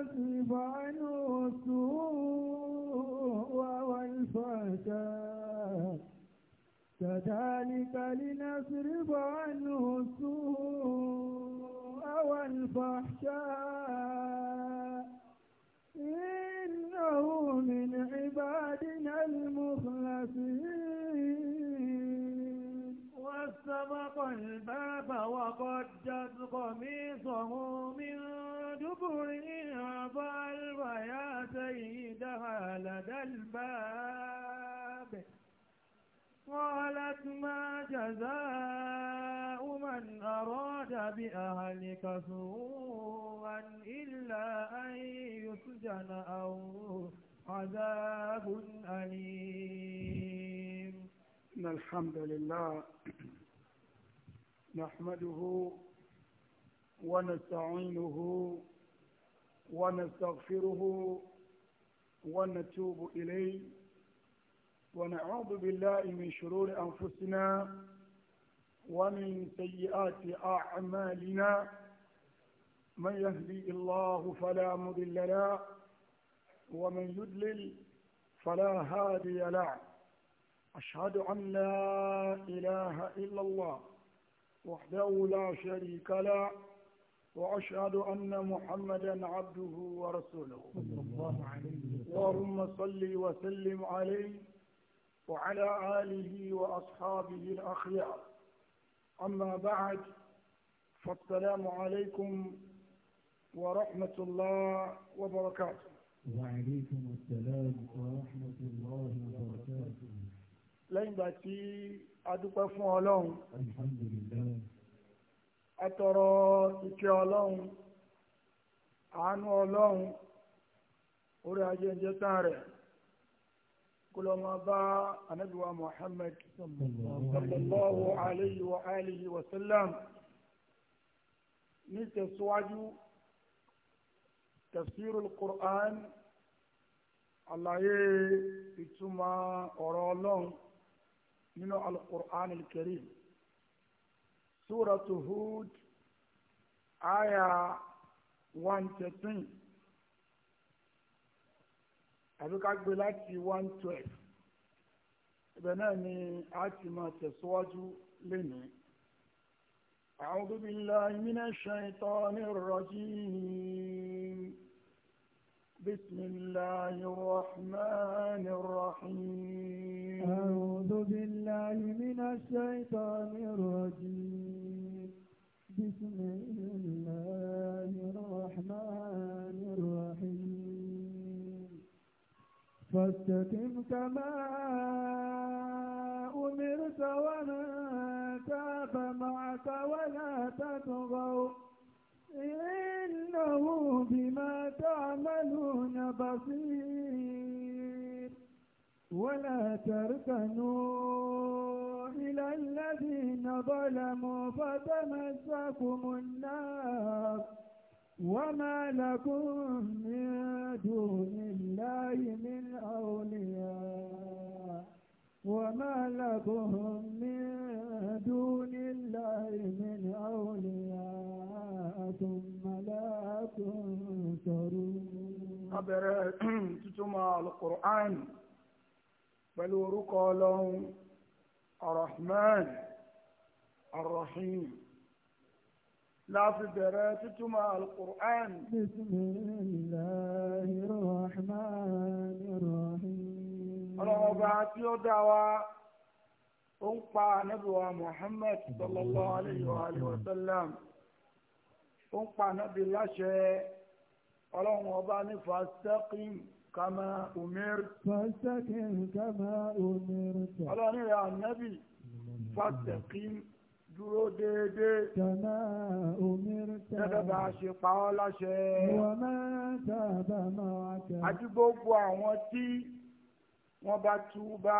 السوء كذلك لنصرف عنه السوء والفحشاء إنه من عبادنا المخلصين واستبق الباب وقدت قميصه من دبره سيدها لدى الباب قالت ما جزاء من أراد بأهلك سوءا إلا أن يسجن أو عذاب أليم إن الحمد لله نحمده ونستعينه ونستغفره ونتوب إليه ونعوذ بالله من شرور أنفسنا ومن سيئات أعمالنا من يهدي الله فلا مضل له ومن يدلل فلا هادي له أشهد أن لا إله إلا الله وحده لا شريك له وأشهد أن محمدا عبده ورسوله صلى الله عليه وسلم اللهم صل وسلم عليه وعلى آله وأصحابه الأخيار أما بعد فالسلام عليكم ورحمة الله وبركاته وعليكم السلام ورحمة الله وبركاته لين باتي أدوك a الحمد لله أترى alhamdulillah عن الله orí ajé ń jẹ́ tán rẹ̀ kó lọ máa bá anábìwá Muhammad sallallahu alayhi wa alihi wa sallam ní tẹ̀síwájú tafsirul Qur'an àlàyé ìtumọ̀ ọ̀rọ̀ ọlọ́run nínú al-Qur'an al Hud aya 113 àbí ká gbé láti one twelve ibẹ̀ náà ni a ti máa tẹ̀síwájú lénìí. أعوذ بالله من الشيطان الرجيم بسم الله الرحمن الرحيم أعوذ بالله من الشيطان الرجيم بسم الله الرحمن الرحيم فاستقم كما أمرت ومن تاب معك ولا تطغوا إنه بما تعملون بصير ولا تركنوا إلى الذين ظلموا فتمسكم النار وما لكم من دون الله من أولياء وما لكم من دون الله من أولياء ثم لا تنصرون أبرأ تتمع القرآن بل ورقى لهم الرحمن الرحيم láti bẹ̀rẹ̀ títúmọ̀ alukur'an. bisimilahi rahman rahim. ọlọ́ọ̀bá tí ó dá wa ó ń pa anábìwa muhammed sallallahu alayhi wa sallam ó ń pa anábì láṣẹ ọlọ́run ọba ní fastaqim kama umir. fastaqim kama umir. ọlọ́run ìyá anábì fastaqim dúró déédéé. Jọ̀nà òmìnirítà. Gẹ́gẹ́ bá a ṣe pa ọ́ láṣẹ. Wọ́n máa ń sábà máa jà. Àti gbogbo àwọn tí wọ́n bá túbá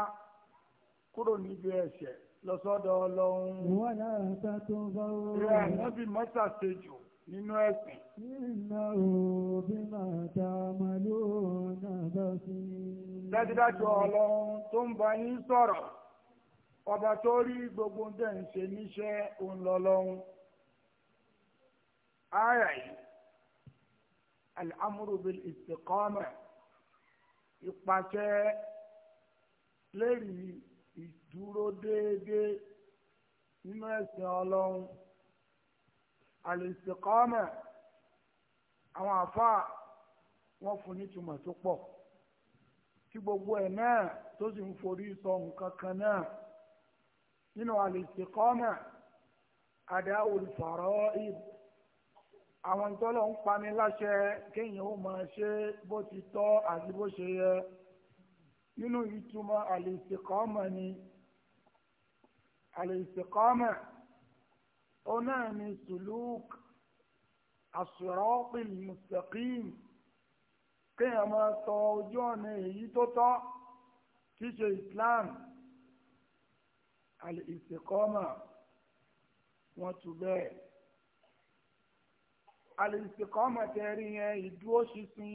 kúrò níbi ẹ̀ṣẹ̀ lọ́sọ́dọ̀ ọlọ́run. Wọ́n lára ta tó bá wọ́n. Ìrẹ̀ àwọn bí mọ́sà ṣe jù nínú ẹ̀sìn. Iná òbí máa ta màlúù náà bá sí. Dájúdájú ọlọ́run tó ń bá yín sọ̀rọ̀ ọba tó rí gbogbo ń tẹ̀ ń ṣe níṣẹ́ òun lọ lọ́hún. Aya yìí, al-amru bil istiqama, ìpàṣẹ lérí ìdúró déédéé nínú ẹ̀sìn ọlọ́hún. al àwọn àfáà wọ́n fún nítumọ̀ tó pọ̀. Tí gbogbo ẹ̀ náà tó sì ń forí sọ nǹkan kan náà nínú al-istiqama ada'ul fara'id àwọn ìtọ́lọ̀ ń pani láṣẹ kéèyàn ó máa ṣe bó ti tọ́ àti bó ṣe yẹ nínú ìtumọ̀ al-istiqama ni al-istiqama òun náà ni suluk as-sirati kéèyàn máa tọ ojú ọ̀nà èyí tó tọ́ kí ṣe Islam alìsìkọ́mà wọ́n tu bẹ́ẹ̀ alìsìkọ́mà tẹ́rí yẹn ìdúró ṣinṣin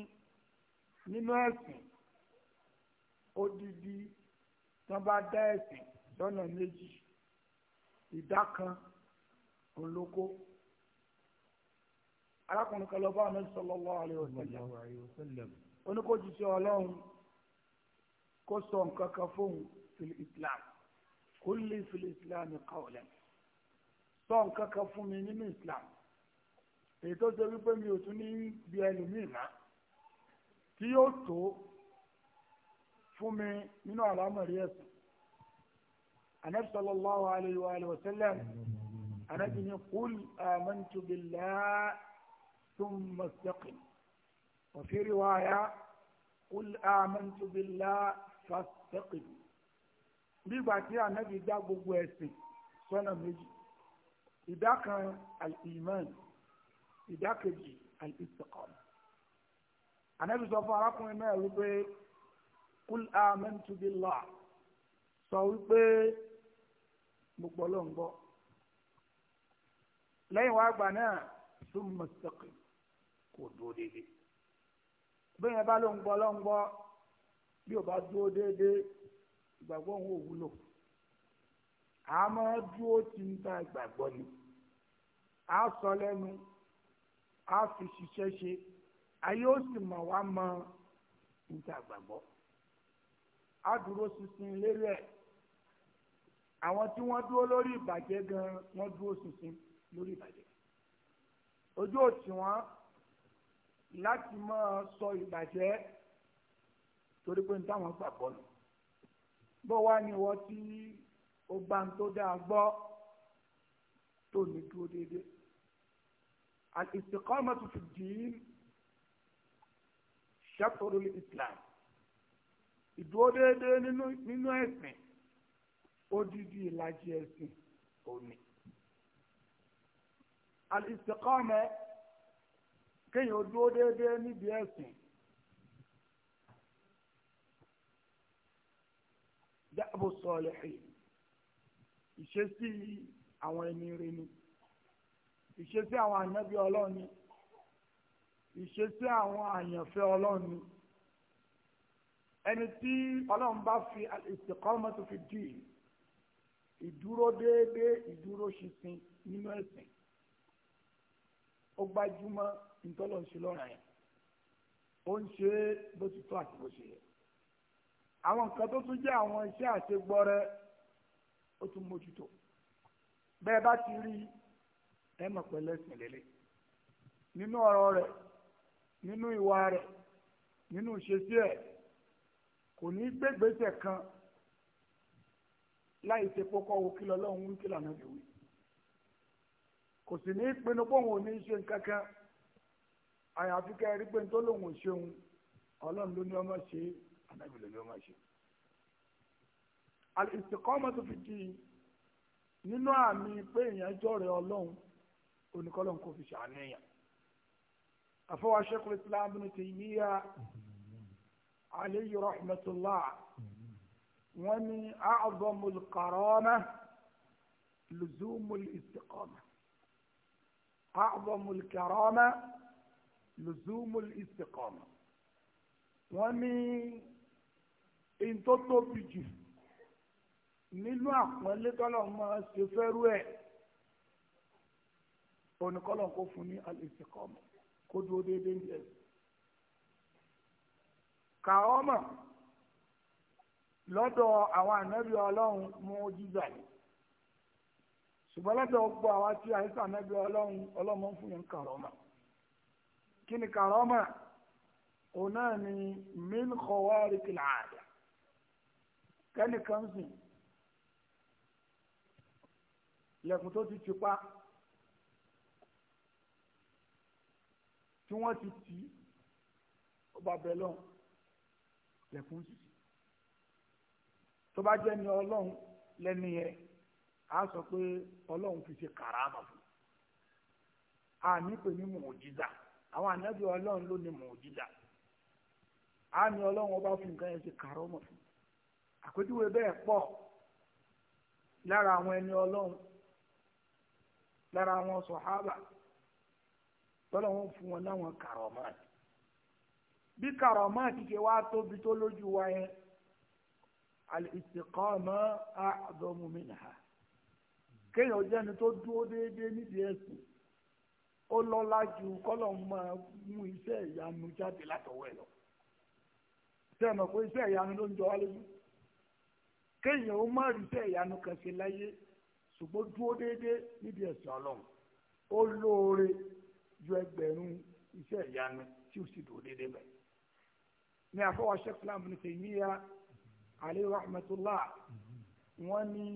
nínú ẹ̀sìn odidi tí wọ́n bá dá ẹ̀sìn lọ́nà méjì ìdá kan olóko arákùnrin kan lọ bá ọmọ sallallahu alaihi wasallam oníkójúṣe ọlọ́run kó sọ nǹkan kan fóun fil islam kulli fil islam qawlan sọ nǹkan kan fún mi nínú islam èyí tó ṣe wípé mi ò tún ní bí ẹlòmíì náà tí yóò tó fún mi nínú àlámọ̀rí ẹ̀sìn anabi sallallahu alayhi wa alayhi wa sallam anabi ni qul amantu billah thumma istaqim wa fi riwaya qul amantu billah fastaqim bígbà tí ànábì dá gbogbo ẹ̀sìn sọ́nà méjì ìdá kan al-iman ìdá kejì al-istiqama ànábì sọ fún arákùnrin náà wípé kul amantu billah sọ wípé mo gbọ́ ló ń gbọ́ lẹ́yìn wá gbà náà summa istaqim kò dúró déédéé bẹ́ẹ̀ bá ló ń gbọ́ ló ń gbọ́ bí o bá dúró déédéé ìgbàgbọ́ òun ò wúlò a máa dúró tí ń ta ìgbàgbọ́ ni a sọ lẹ́nu a fi ṣiṣẹ́ ṣe a yóò sì mọ̀ wá mọ ń ìgbàgbọ́ a dúró ṣinṣin lérí ẹ̀ àwọn tí wọ́n dúró lórí ìbàjẹ́ gan wọ́n dúró ṣinṣin lórí ìbàjẹ́ ojú òtí wọn láti máa sọ ìbàjẹ́ torí pé ń táwọn gbàgbọ́ nù bó wá ní ìwọ tí ó gbá ń tó dáa gbọ́ tó ní dúró déédéé al-istiqamatu fi ddin shatrul islam ìdúró déédéé nínú ẹ̀sìn odidi ìlàjì ẹ̀sìn òní al kéèyàn dúró déédéé níbi ẹ̀sìn. dáàbò sọ̀lẹ̀hìn ìṣesí àwọn ẹni rẹ ni ìṣesí àwọn ànábì ọlọ́run ni ìṣesí àwọn àyànfẹ́ ọlọ́run ni ẹni tí ọlọ́run bá fi al-istiqamatu fi din ìdúró déédéé ìdúró ṣinṣin nínú ẹ̀sìn ó gbájúmọ́ ìtọ́lọ́nṣe lọ́ràn yẹn ó ń ṣe é bó ti tó àti bó ṣe yẹ àwọn nǹkan tó tún jẹ́ àwọn iṣẹ́ àṣegbọ́rẹ́ ó tún mójútó bẹ́ẹ̀ bá ti rí ẹ mọ̀ pé lẹ́sìn lélẹ̀ nínú ọ̀rọ̀ rẹ̀ nínú ìwà rẹ̀ nínú ìṣesí ẹ̀ kò ní gbégbèsè kan láì ṣe kókó wo kí lọ́lọ́run wí kí lànà lè kò sì ní pinnu pé òun ò ní ṣe nǹkan kan àyàfi kẹ́ ẹ rí pé ní tó lòun ò ṣeun ọlọ́run ló ní ọmọ ṣe é anábì lè yọ máa ṣe. al-istiqamatu fi din nínú àmì pé èèyàn jọ̀rẹ̀ ọlọ́run oníkọ́lọ́n kò fi ṣàánú èèyàn. àfọwọ́ Sheikhul Islam Ibn Taymiyyah alayhi rahmatullah wọ́n ní a'zamul karamah luzumul istiqamah a'zamul karamah luzumul istiqamah wọ́n ní èyí tó tóbi jù nínú àpọ́nlé tọ́lọ̀ máa ṣe fẹ́rú ẹ̀ onikọ́lọ̀ kó fún ní al-istiqama kó dúró déédéé ní ẹ̀sìn. kàọ́mà lọ́dọ̀ àwọn ànábì ọlọ́run mú jíjà yìí ṣùgbọ́n lọ́dọ̀ gbọ́ àwọn tí àìsàn ànábì ọlọ́run ọlọ́mọ fún yẹn kàrọ́mà kí ni kàrọ́mà òun náà ni min khawarikil aada kẹ́nìkan sùn lẹ́kùn tó ti ti pa tí wọ́n ti tì í ó bá bẹ lọ́hùn lẹ́kùn sùn tó bá jẹ́ ni ọlọ́run lẹ́ni yẹn á sọ pé ọlọ́run fi ṣe kàràmà fún a ní pè ní mùjíza àwọn ànábì ọlọ́run ló ní mùjíza a ní ọlọ́run ọba fún nǹkan yẹn ṣe kàràmà fún. àpèjúwe bẹ́ẹ̀ pọ̀ lára àwọn ẹni ọlọ́run lára àwọn sọ̀hábà tọ́lọ́wọ́n fún wọn láwọn kàrọ̀máàtì bí kàrọ̀máàtì ṣe wá tóbi tó lójú wa yẹn al-istiqama a'zamu minha kéèyàn jẹ́ni tó dúró déédéé nídìí ẹ̀sìn ó lọ́lá ju kọ́lọ̀ máa mú iṣẹ́ ìyanu jáde látọwọ́ lọ. mọ̀ pé iṣẹ́ ìyanu ló ń jọ wá lójú. kéèyàn ó má rí tẹ́ ìyanu kan ṣe láyé ṣùgbọ́n dúró déédéé níbi ẹ̀sìn ọlọ́run ó lóore ju ẹgbẹ̀rún iṣẹ́ ìyanu tí ó sì dúró déédéé bẹ̀. ní àfọwọ́ sẹ́kùlám ní tèmíyà alẹ́ rahmatullah wọ́n ní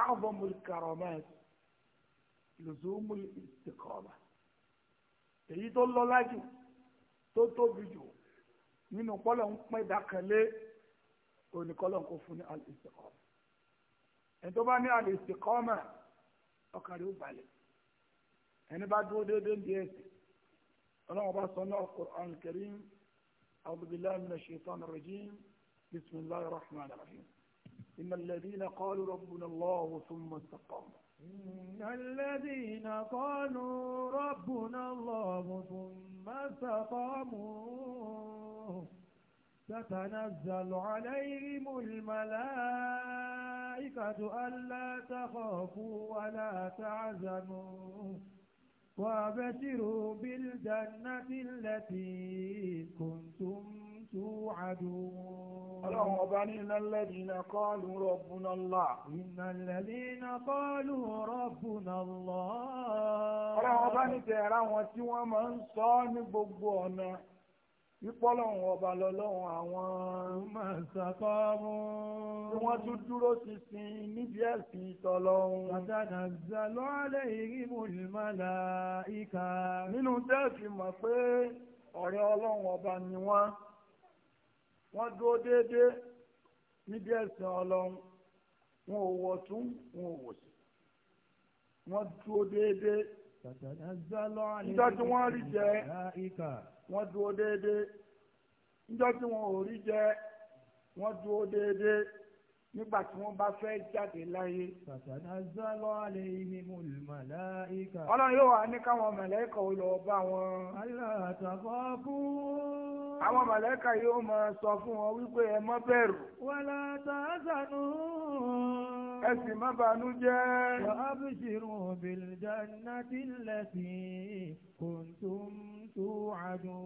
a'zamul karamat luzumul istiqama èyí tó lọ́lá jù tó tóbi jù nínú kọ́lọ̀ ń pẹ́ dákẹ́lé òní kọ́lọ̀ ń kó fún ní al-istiqama ẹni tó bá ní al-istiqama ọkàn rẹ̀ ó balẹ̀ ẹni bá dúró déédéé ní ẹsẹ̀ ọlọ́run bá sọ ní al-Qur'an al-Karim a'udhu billahi minash shaitanir rahim innal ladhina qalu rabbuna Allah thumma istaqamu. إن الذين قالوا ربنا الله ثم استقاموا تتنزل عليهم الملائكة ألا تخافوا ولا تعزموا وابشروا بالجنة التي كنتم توعدون اللهم وبنينا الذين قالوا ربنا الله إن الذين قالوا ربنا الله اللهم وبنينا الذين من ربنا الله ìpọ́lọ́hún ọba lọ́lọ́hún àwọn mọ̀sàkọ́mú. tí wọ́n tún dúró ṣinṣin níbi ẹ̀sìn ìtọ́lọ́hún. pàtàkì àgbàlọ́ alẹ́ ìrìbù ìmọ̀lá ìka. nínú tẹ́ẹ̀sì mọ̀ pé ọ̀rẹ́ ọlọ́hún ọba ni wọ́n. wọ́n dúró déédéé níbi ẹ̀sìn ọlọ́hún. wọn ò wọ̀ wọn ò wọ̀ wọ́n dúró déédéé. pàtàkì àgbàlọ́ alẹ́ ìrìbù ìka wọ́n dúró déédéé níjọ́ tí wọn ò rí jẹ wọ́n dúró déédéé nígbà tí wọ́n bá fẹ́ jáde láyé. fatanazzalu alayhimul malaika. ọlọ́run yóò wá ní káwọn màláíkà ò lọ bá wọn. alla takhafu. àwọn màláíkà yóò máa sọ fún wọn wípé ẹ má bẹ̀rù. wala tahzanu ẹ̀sìn má banú jẹ́. wà á bí ṣirò bìlìjánná tí lẹ́sìn kùntùm tó àdùn.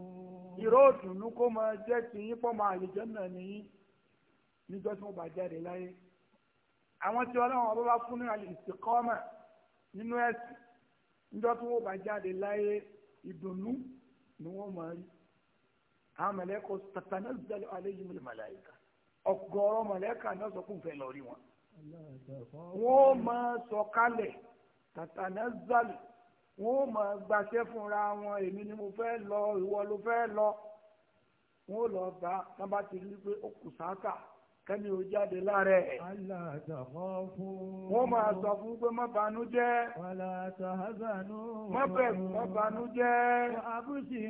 ìró òdùnnú kó máa jẹ́ ti yín fọ́mọ àlùjànnà nìyí níjọ́ tí wọ́n bá jáde láyé. àwọn tí ọlọ́run ọba bá fún ní al-istiqama nínú ẹ̀sìn níjọ́ tí wọ́n bá jáde láyé ìdùnnú ni wọ́n máa rí. àwọn mẹ̀lẹ́kọ̀ọ́ tatanazzalu alayhimul mọ̀lẹ́kà náà sọ fún ìfẹ́ lọ rí wọn wọ́n máa sọ̀kalẹ̀ tàtànẹ́zàlì wọ́n máa gbaṣẹ́ fúnra wọn èmi ni mo fẹ́ lọ ìwọ ló fẹ́ lọ wọ́n lọ bá tán bá ti rí pé ó kù sáàkà kẹ́mi ò jáde lára ẹ̀. wọ́n máa sọ fún pé má banú jẹ́. má bẹ̀rù má banú jẹ́. àbúṣe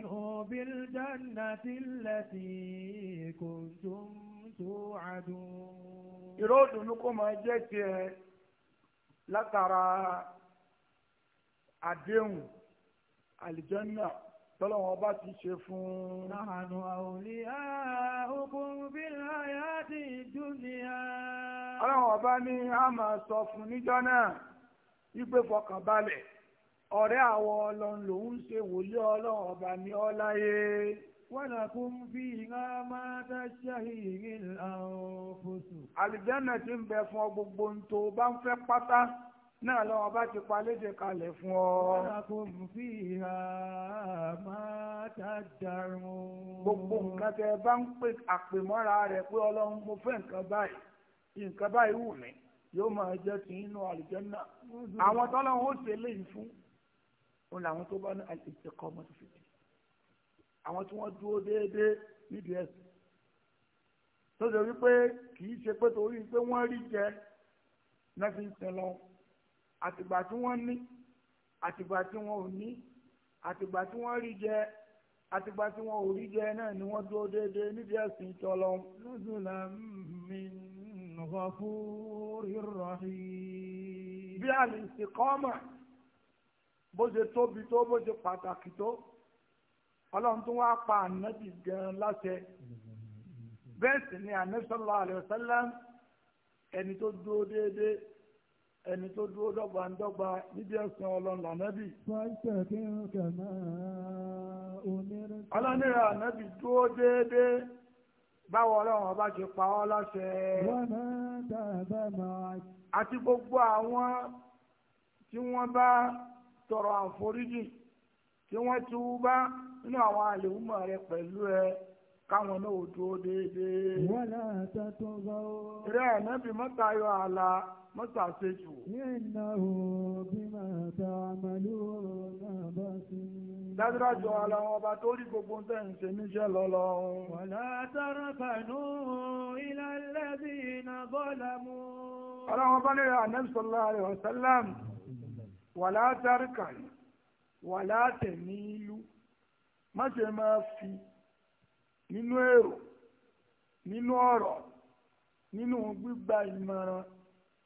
ìró ìdùnnú kó máa jẹ́ tiẹ̀ látara àdéhùn àlìjẹ́nà tọ́lọ́wọ́n bá ti ṣe fún. Nàhànù àwòlíyá okun bílá yá ti dúnìyà. Ọlọ́run ọba ní a máa sọ fún níjọ́ náà wípé fọkànbalẹ̀ ọ̀rẹ́ àwọn ọlọ́run lòún ṣe wòlíọ́ ọlọ́run ọba ní ọ́ láyé. ولكم فيها ما تشتهي الأنفس àlìjẹ́nà tí ń bẹ fún ọ gbogbo ohun tó o bá ń fẹ́ pátá náà lọ́wọ́ bá ti pa léde kalẹ̀ fún ọ. ولكم فيها ما تدعون. gbogbo nǹkan tẹ bá ń pè àpèmọ́ra rẹ̀ pé ọlọ́run mo fẹ́ nǹkan báyìí nǹkan báyìí wù mí yóò máa jẹ́ ti inú àlìjẹ́nà àwọn tọ́lọ́run ó ṣe léyìí fún òun làwọn tó àwọn tí wọ́n dúró déédéé níbi ẹ̀sìn tó ṣe wípé kì í ṣe pé torí pé wọ́n rí jẹ náà fi ń sin lọ àtìgbà tí wọ́n ní àtìgbà tí wọ́n ò ní àtìgbà tí wọ́n rí jẹ àtìgbà tí wọ́n ò rí jẹ náà ni wọ́n dúró déédéé níbi ẹ̀sìn tọ́lọ. nùzùlà mi ghafuri rahim. bí àlìsí kọ́mà bó ṣe tóbi tó bó ṣe pàtàkì tó ọlọ́run tó wá pa ànábì gan láṣẹ bẹ́ẹ̀ sì ni ànábì sallallahu alaihi wasallam ẹni tó dúró déédéé ẹni tó dúró dọ́gba ń dọ́gba níbi ẹ̀sìn ọlọ́run lànábì. ọlọ́nìrẹ̀ ànábì dúró déédéé báwo ọlọ́run ọba ṣe pa ọ́ láṣẹ. àti gbogbo àwọn tí wọ́n bá tọrọ àforíjì tí wọ́n túbá nínú àwọn àlèhùnmọ̀ rẹ pẹ̀lú ẹ káwọn náà dúró déédéé. wọ́n náà tẹ́tọ́ bá ó. rẹ̀ nẹ́bí mọ́ta yọ àlà mọ́ta ṣe jù. yẹ́nà ò bí màá ta àmàlú ọ̀rọ̀ náà bá sí. dájúdájú ọ̀la wọn ọba tó rí gbogbo tẹ̀ ń ṣe níṣẹ́ lọ́lọ́. wàlá tára fàánù ilá lẹ́bí iná bọ́ọ̀lá mú. ọlọ́wọ́n bá lè rà sọ́lá rẹ̀ wàlá tára kàní wà látẹ̀ ní ìlú má ṣe máa fi nínú èrò nínú ọ̀rọ̀ nínú gbígba ìmọ̀ràn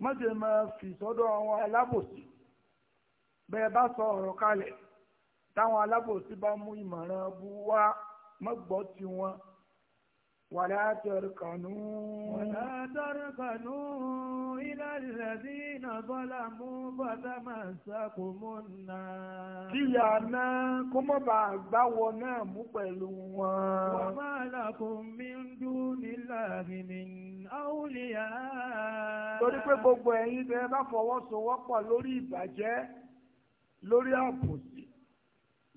má ṣe máa fi sọ́dọ̀ àwọn alábòsí bẹ́ẹ̀ bá sọ ọ̀rọ̀ kalẹ̀ táwọn alábòsí bá mú ìmọ̀ràn bú wá má tiwọn ولا تركنوا ولا تركنوا إلى الذين ظلموا فتمسكم النار kíyà náà kó má bàa gbá wọ náà mú pẹ̀lú wọn. وما لكم من دون الله من أولياء. torí pé gbogbo ẹ̀yin tẹ́ ẹ bá fọwọ́sowọ́pọ̀ lórí ìbàjẹ́ lórí àbòsí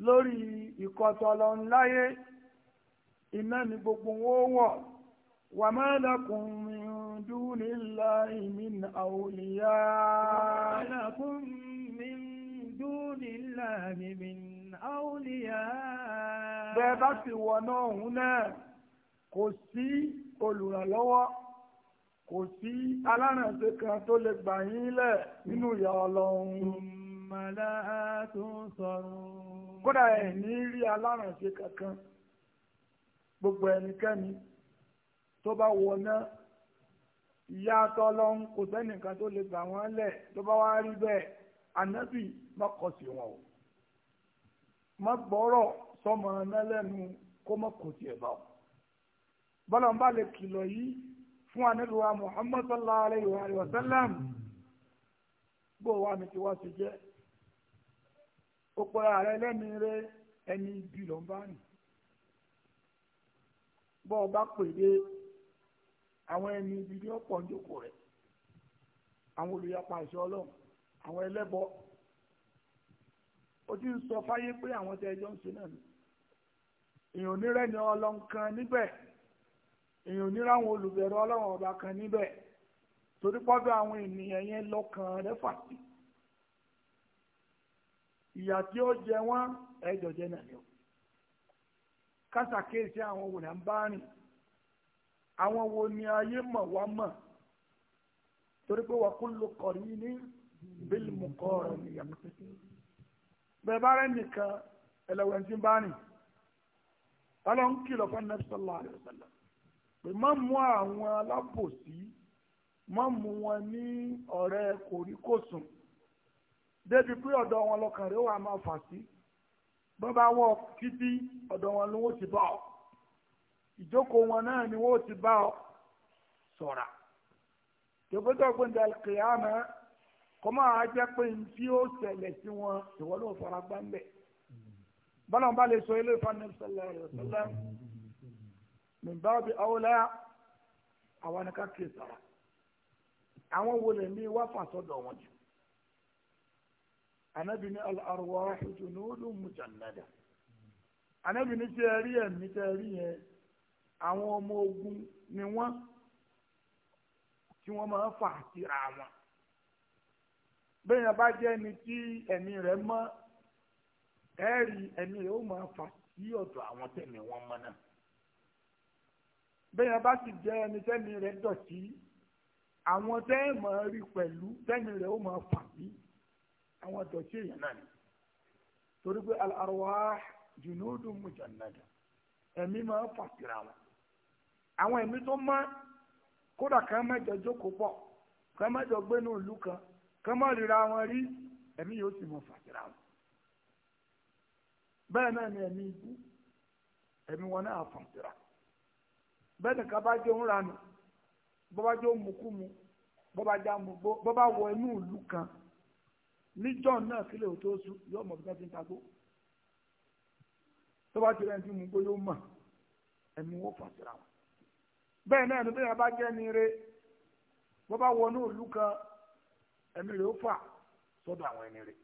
lórí ìkọ̀tọ̀lọ́ ńláyé iná ni gbogbo wọn wọ̀ wà má lakum min dunillahi min awliya. wà má lakum min dunillahi min awliya. bẹ́ẹ̀ bá sì wọ̀ náà òun náà kò sí olùrànlọ́wọ́ kò sí alárànṣe kan tó lè gbà yín lẹ̀ nínú ìyà ọlọ́run. kódà ẹ̀ ní rí alárànṣe kankan gbogbo ẹnikẹ́ni tó bá wọná ìyá tọ́lọ́ ń kò sẹ́nìkan tó lè gbà wọ́n lẹ̀ tó bá wá rí bẹ́ẹ̀ ànábì má wọn o má gbọ́rọ̀ sọmọ ọ̀nà kó wa Muhammad sallallahu alayhi wa sallam wa mi ti wá sí jẹ́ ó pẹ́ ààrẹ lẹ́nu rẹ bọ́ ọ bá pè dé àwọn ẹni ibi ní ọ̀pọ̀ ń jókòó rẹ̀ àwọn olùyapa àṣẹ ọlọ́run àwọn ẹlẹ́bọ o ti ń sọ fáyé pé àwọn tẹ ẹjọ́ ń ṣe náà ni èèyàn onírẹ́ ni ọlọ́run kan níbẹ̀ èèyàn onírẹ́ àwọn olùbẹ̀rù ọlọ́run ọba kan níbẹ̀ torí pọ́dọ̀ àwọn ènìyàn yẹn lọ́kàn rẹ́fà sí ìyà tí ó jẹ wọ́n ẹ̀jọ̀ jẹ nàìjíríà kásàkéèsì àwọn wò ní à ń bá rìn àwọn wo ni ayé mọ̀ wá mọ̀ torí pé wa kullu qarini bil muqarani bẹ́ẹ̀ bá rẹ̀ nìkan ẹlẹ́wẹ̀ntì bá rìn tálọ́ ń kìlọ̀ fún Ànábì sallallahu alaihi pé má mú àwọn alábòsí má mú wọn ní ọ̀rẹ́ kòríkòsùn débi pé ọ̀dọ̀ wọn lọkàn rẹ̀ wà máa fà sí bọ́ bá wọ̀ títí ọ̀dọ̀ wọn ni wọ́n ti bá ọ ìjókòó wọn náà ni wọ́n ti bá ọ sọ̀ra tòkótò gbẹ̀ndẹ̀ kìámà kọ́mọ́ ajẹ́ pé n tí ó ṣẹlẹ̀ sí wọn ìwọ ló fara gbá ń bẹ̀ bọ́lá ń bá lè sọ ilé ìfọ̀nà sallallahu alaihi wasallam min babi awla àwọn nìkan kì í àwọn wo lè ní wá fà sọ́dọ̀ wọn jù anabi ní al-arwahu junudun mujannada anabi ní tẹ́ rí ẹ̀mí tẹ́ rí yẹn àwọn ọmọ ogun ni wọ́n tí wọ́n máa fà síra wọn bẹ́ẹ̀ yẹn bá jẹ́ ẹni tí ẹ̀mí rẹ̀ mọ́ ẹ̀rí ẹ̀mí rẹ̀ ó máa fà sí ọ̀dọ̀ àwọn tẹ̀mí wọn mọ́ náà bẹ́ẹ̀ yẹn bá sì jẹ́ ẹni tẹ́mi rẹ̀ dọ̀tí àwọn tẹ́ẹ̀mọ̀ rí pẹ̀lú tẹ́mi rẹ̀ ó máa fà sí àwọn àdọ̀tí èèyàn náà ni torí pé al-arwah junudun ẹ̀mí máa ń fàṣírà wọn àwọn ẹ̀mí tó má kódà ká má jọ jókòó pọ̀ ká má jọ gbénú ìlú kan ká má ríra wọn rí ẹ̀mí yóò sì mọ fàṣírà wọn bẹ́ẹ̀ náà ni ẹ̀mí ibú ẹ̀mí wọn náà fàṣírà bẹ́ẹ̀ ni ká bá ranù mukú wọ inú ìlú kan níjọ́ náà kílẹ̀ ò tó sùn yóò mọ̀ bí wọ́n ti ń tagbó tó bá ti rẹ̀ ń tí mú gbó yóò mọ̀ ẹ̀mí wọ́n fà síra wọn. bẹ́ẹ̀ náà níbi yàrá bá jẹ́ ni re bó bá wọnú ìlú kan ẹ̀mí rẹ̀ ó fà sọ́dọ̀ àwọn ẹni rẹ̀.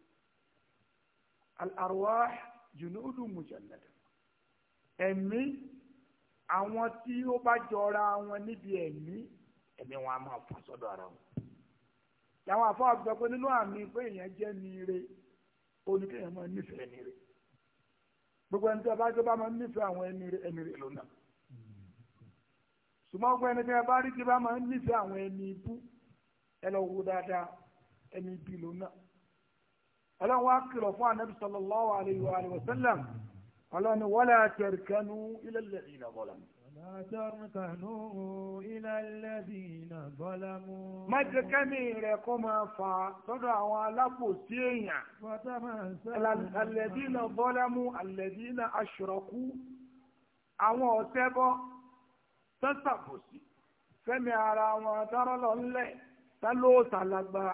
al-arwah junudu mujannada ẹ̀mí àwọn tí ó bá jọra wọn níbi ẹ̀mí ẹ̀mí wọn a máa fà sọ́dọ̀ ara wọn làwọn afọ àbùsọ pé nínú àmì pé èèyàn jẹ́ ní ire ó ní kéèyàn máa nífẹ̀ẹ́ ní ire gbogbo ẹni tí a bá tó bá máa nífẹ̀ẹ́ àwọn ẹni ire ẹni ire ló nà ṣùgbọ́n gbogbo ẹni tí a bá rí tí a bá máa nífẹ̀ẹ́ àwọn ẹni ibú ẹ lọ wo dáadáa ẹni ibi ló nà ọlọ́run fún anabi sallallahu alayhi wa sallam ọlọ́run wala tarkanu ila alladhina zalamu látọ́rùnkànú ìlàlẹ́dìínà bọ́lámú. májèkẹ́mì rẹ̀ kó máa fà sọ́dọ̀ àwọn alápòsí èèyàn. àlẹ́dìínà bọ́lámú àlẹ́dìínà aṣọ̀rọ̀kú àwọn ọ̀tẹ́bọ́ sọ́sàbòsí fẹ́mi ara wọn dárọ́lọ́ ńlẹ̀ tálóòtà lágbára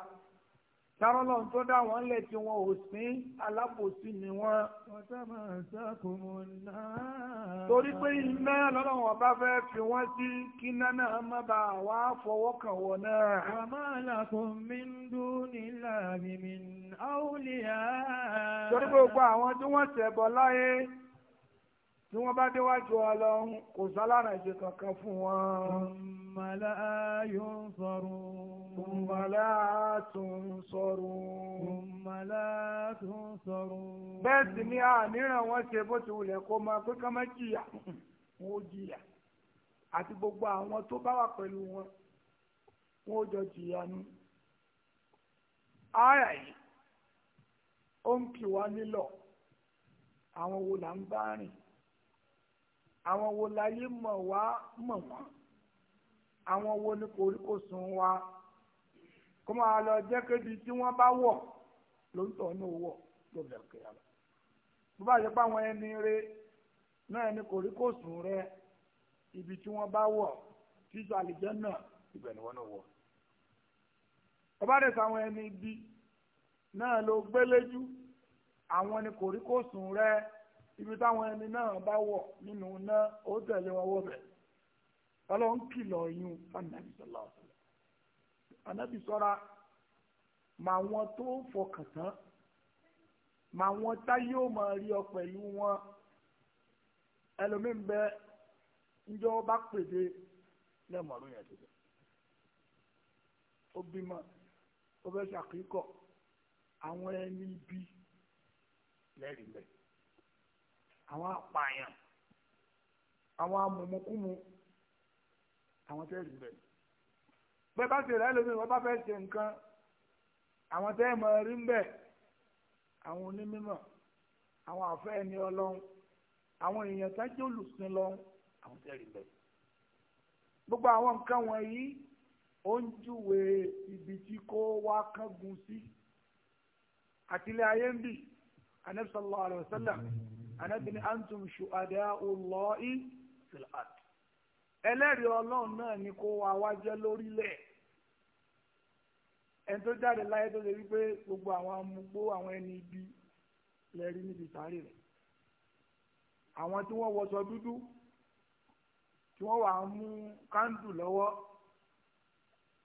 tárọ́lọ́ tó dá wọn lẹ̀ tí wọn ò sín alábòsí ni wọn. ọ̀tá máa ṣàkóso náà. torí pé iná lọ́lọ́wọ́n bá fẹ́ fi wọ́n sí kí nánà má bà wá fọwọ́ kàn wọ́n náà. wa ma lakum min dunillahi min awliya. torí pé gbogbo àwọn tí wọ́n ṣẹ̀bọ̀ láyé tí wọ́n bá déwájú ọlọ́run kò sálára ìṣe kankan fún wọn. mọ̀lá yóò sọ̀rọ̀. mọ̀lá tún sọ̀rọ̀. mọ̀lá tún sọ̀rọ̀. bẹ́ẹ̀ sì ni àmíràn wọn ṣe bó ti wulẹ̀ kó máa pé ká má jìyà wọn ò jìyà àti gbogbo àwọn tó bá wà pẹ̀lú wọn wọn ò jọ jìyà ni. ara yìí ó ń kì wá nílọ àwọn wo là ń bá rìn àwọn wo láyé mọ̀ wá mọ̀ wọ́n àwọn wo ni koríko sùn wá kó máa lọ jẹ́ kébi tí wọ́n bá wọ̀ ló ń tọ̀ ní owó ló bẹ̀rẹ̀ kéya bó bá yẹ pé àwọn ẹni rẹ náà ni koríko sùn rẹ ibi tí wọ́n bá wọ̀ títí àlìjẹ́ náà ibẹ̀ ni wọ́n náà wọ̀. ọba dẹ̀ sáwọn ẹni bí náà ló gbéléjú àwọn ni koríko sùn rẹ ibi táwọn ẹni náà bá wọ̀ nínú iná ó tẹ̀lé wọn wọ̀ bẹ̀ ọlọ́run kìlọ̀ yún fanabi sọlá ọ̀sẹ̀ anabi sọ́ra mà wọn tó fọkàn tán mà wọn tá yóò máa rí ọ pẹ̀lú wọn ẹlòmíín bẹ njọ́ bá pèdè lẹ́mọ̀ọ́rọ́ yẹn tó bẹ̀ ó bímọ ó fẹ́ ṣàkíkọ̀ àwọn ẹni bí lẹ́rìí bẹ́ẹ̀ àwọn apààyàn àwọn amùmùkúmu àwọn tẹ́ ẹ̀sìn bẹ̀rẹ̀ bẹ́ẹ̀ bá ṣe rẹ̀ lómi wọ́n bá fẹ́ ṣe nǹkan àwọn tẹ́ ẹ̀ mọ̀ rí ń bẹ̀ àwọn onímọ̀ àwọn àfẹ́ ẹni ọlọ́run àwọn èèyàn tá jẹ́ olùsìn lọ́run àwọn tẹ́ rí bẹ̀ gbogbo àwọn nǹkan wọ̀nyí ó ń júwe ibi tí kò wá kángun sí àtìlẹ́ ayé ń bì anabi sallallahu alayhi anábìnrin antum shuhada'ullahi fil ard ẹlẹ́rìí ọlọ́run náà ni kó wa wá jẹ́ lórílẹ̀ ẹni tó jáde láyé tó ṣe wípé gbogbo àwọn amúgbó àwọn ẹni ibi lẹ́rí níbi sáré rẹ̀ àwọn tí wọ́n wọṣọ dúdú tí wọ́n wà mú kándù lọ́wọ́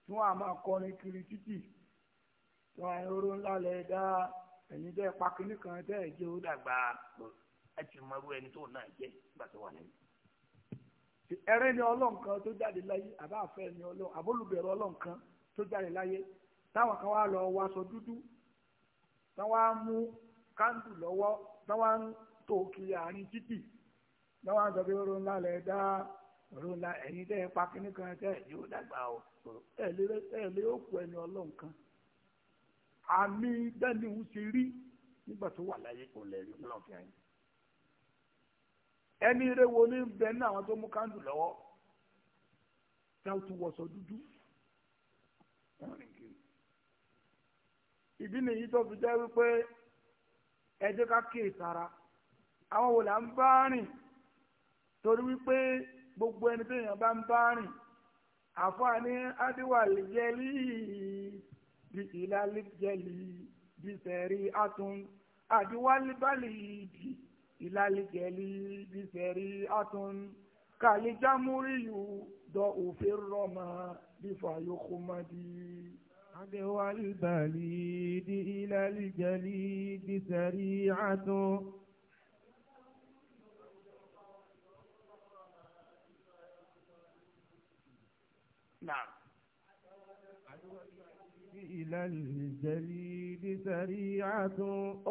tí wọ́n á máa kọrin kiri títì tí wọ́n á ń ńlá lẹ̀ dá ẹ̀yin tẹ́ kan tẹ́ jẹ́ ó dàgbà ẹ ti mọ ẹni tó náà jẹ nígbà tó wà lẹ́yìn. ẹrẹ́ ni ọlọ́run kan tó jáde láyé àbá àfẹ́ ni ọlọ́run àbólùbẹ̀rẹ̀ ọlọ́run kan tó jáde láyé táwọn kan wá lọ dúdú táwọn mú lọ́wọ́ ẹni rewo wo ní bẹ ní àwọn tó mú kándù lọ́wọ́ dáwùtú wọ̀sọ̀ dúdú wọ́n rìn kiri ìdí nìyí tó fi jẹ́ wípé ẹ jẹ́ ká kíyè sára àwọn wò là ń bá rìn torí wípé gbogbo ẹni tó yàn bá ń bá rìn àfọ̀àní adéwàlì jẹ́lí bí ìlàlí jẹ́lí bí sẹ̀rí àtún àdíwálé bá lè yí ilalijeli bifẹri atun kalijamuriyu dọ òfin rọmọ bifayokomadi. adewa libali di ilalijeli bifẹri atun. نعم إلى الجليد سريعة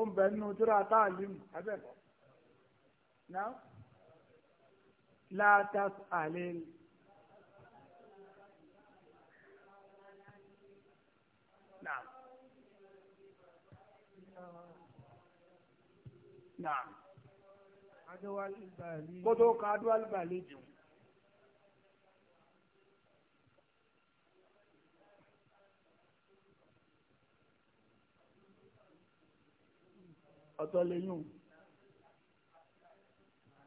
أم بأنه ترى تعلم أبدا náà látàs àlẹ́ náà náà kótó ka adúwálì bàlẹ́ jù. ọ̀tọ̀ lẹ́yìn.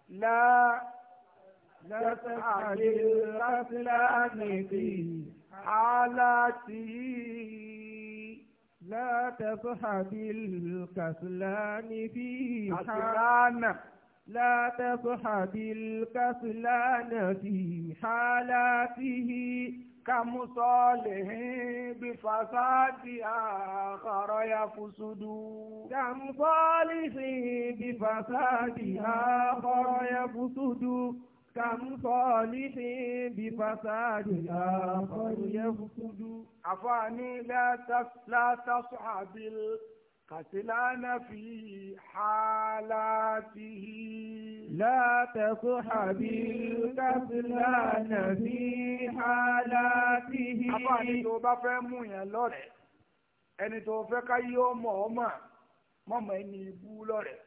لا لا تفعل في حالتي لا تصحب الكسلان في حالنا لا تصحب الكسلان في حالاته كمصالح بفساد آخر يفسد كمصالح بفساد آخر يفسد كمصالح بفساد آخر يفسد عفاني لا تصحب كسلان في حالاته لا تصحب الكسلان في حالاته àbáni tó bá fẹ́ mú yẹn lọ́rẹ̀ ẹni tó fẹ́ ká yí ọmọ ọmọ mọ́mọ́ ẹni ibú lọ́rẹ̀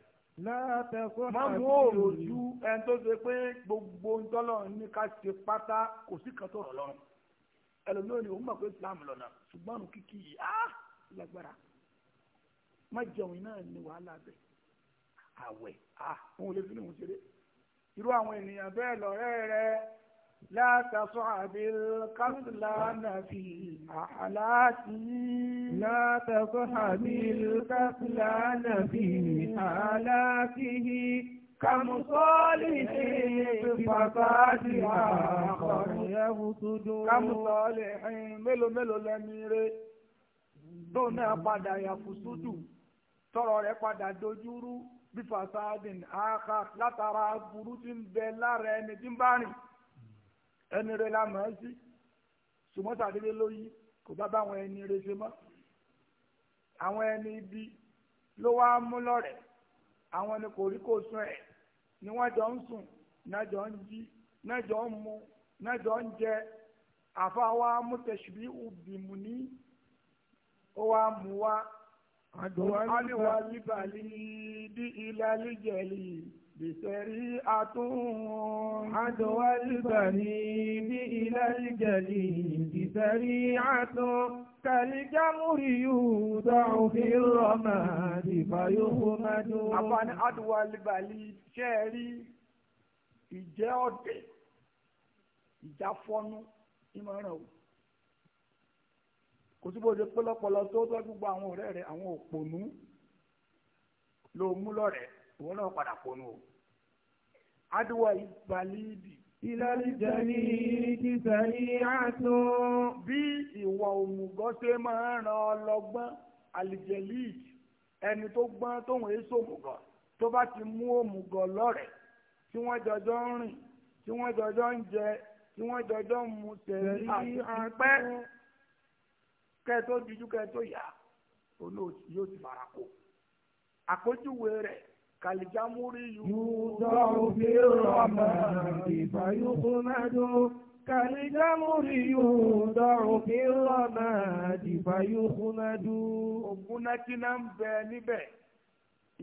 mọ́mú òròjú ẹni tó ṣe pé gbogbo ńtọ́lọ́ ní ká ṣe pátá kò sí kan tó rọ̀ lọ́rùn ẹlòmíràn ni òun mọ̀ pé Islam lọ́nà ṣùgbọ́n òun kìkì yìí á lágbára má jẹun náà ní wàhálà bẹ àwẹ̀ à òun lè fi ní òun ṣeré irú àwọn ènìyàn bẹ́ẹ̀ lọ́rẹ́ rẹ látàṣọ àbíl kábìlà nàfi àhàlàtì. látàṣọ àbíl kábìlà nàfi àhàlàtì. كمصالح فسادها يفسد كمصالح ملو ملو لميري دون أبدا يفسد tọrọ rẹ̀ padà dojúrú bí fasadin aka látara burú tí ń bẹ lára ẹni tí ń bá rìn ẹni rẹ̀ la mọ̀ ẹ́ sí sùmọ́tàdédé ló yí kò bá bá àwọn ẹni rẹ̀ ṣe mọ́ àwọn ẹni ibi ló wá mú lọ́rẹ̀ àwọn ẹni kò rí kò sún ẹ̀ ni wọ́n jọ ń sùn náà ń jí náà ń mu náà ń jẹ àfa wa mú tẹ̀síbí ubìmù ní ó wá mú wá. Adúwà líbàlì bí ìlàlí jẹ̀lì bìsẹ̀rí àtún. Adúwà líbàlì bí ìlàlí jẹ̀lì bìsẹ̀rí àtún. Kàlìjámúrì yóò dáhùn fi rọ̀mà dìbà yóò mẹ́dún. Àfààní adúwà líbàlì ṣẹ́ẹ̀rí ìjẹ́ ọ̀tẹ̀ ìjáfọ́nú ìmọ̀ràn òkú kò síbò ṣe pọlọpọlọ tó tọ́ gbogbo àwọn ọ̀rẹ́ rẹ àwọn òpònú ló mú lọ́rẹ̀ ìwọ náà padà pọnú o. adúwọ̀ ìgbàlídì. ìlàlí jẹ̀rí kìtẹ̀rí àtún. bí ìwà òmùgọ̀ ṣe máa ń ran ọlọ́gbọ́n àlìjẹ̀lì ẹni tó gbọ́n tóun èso òmùgọ̀ tó bá ti mú òmùgọ̀ lọ́rẹ̀ tí wọ́n jọjọ ń rìn tí wọ́n jọjọ ń jẹ tí wọ́n jọjọ ń mu tẹ̀lé àti kẹ́ ẹ tó dijú kẹ́ ẹ tó yá olóòtú yóò ti fara kó àpèjúwe rẹ̀ kàlìjámúrí yúdọ̀rù bí rọ̀mà ìfàyúkúnádó kàlìjámúrí yúdọ̀rù bí rọ̀mà ìfàyúkúnádó. ògúnnákínà ń bẹ níbẹ̀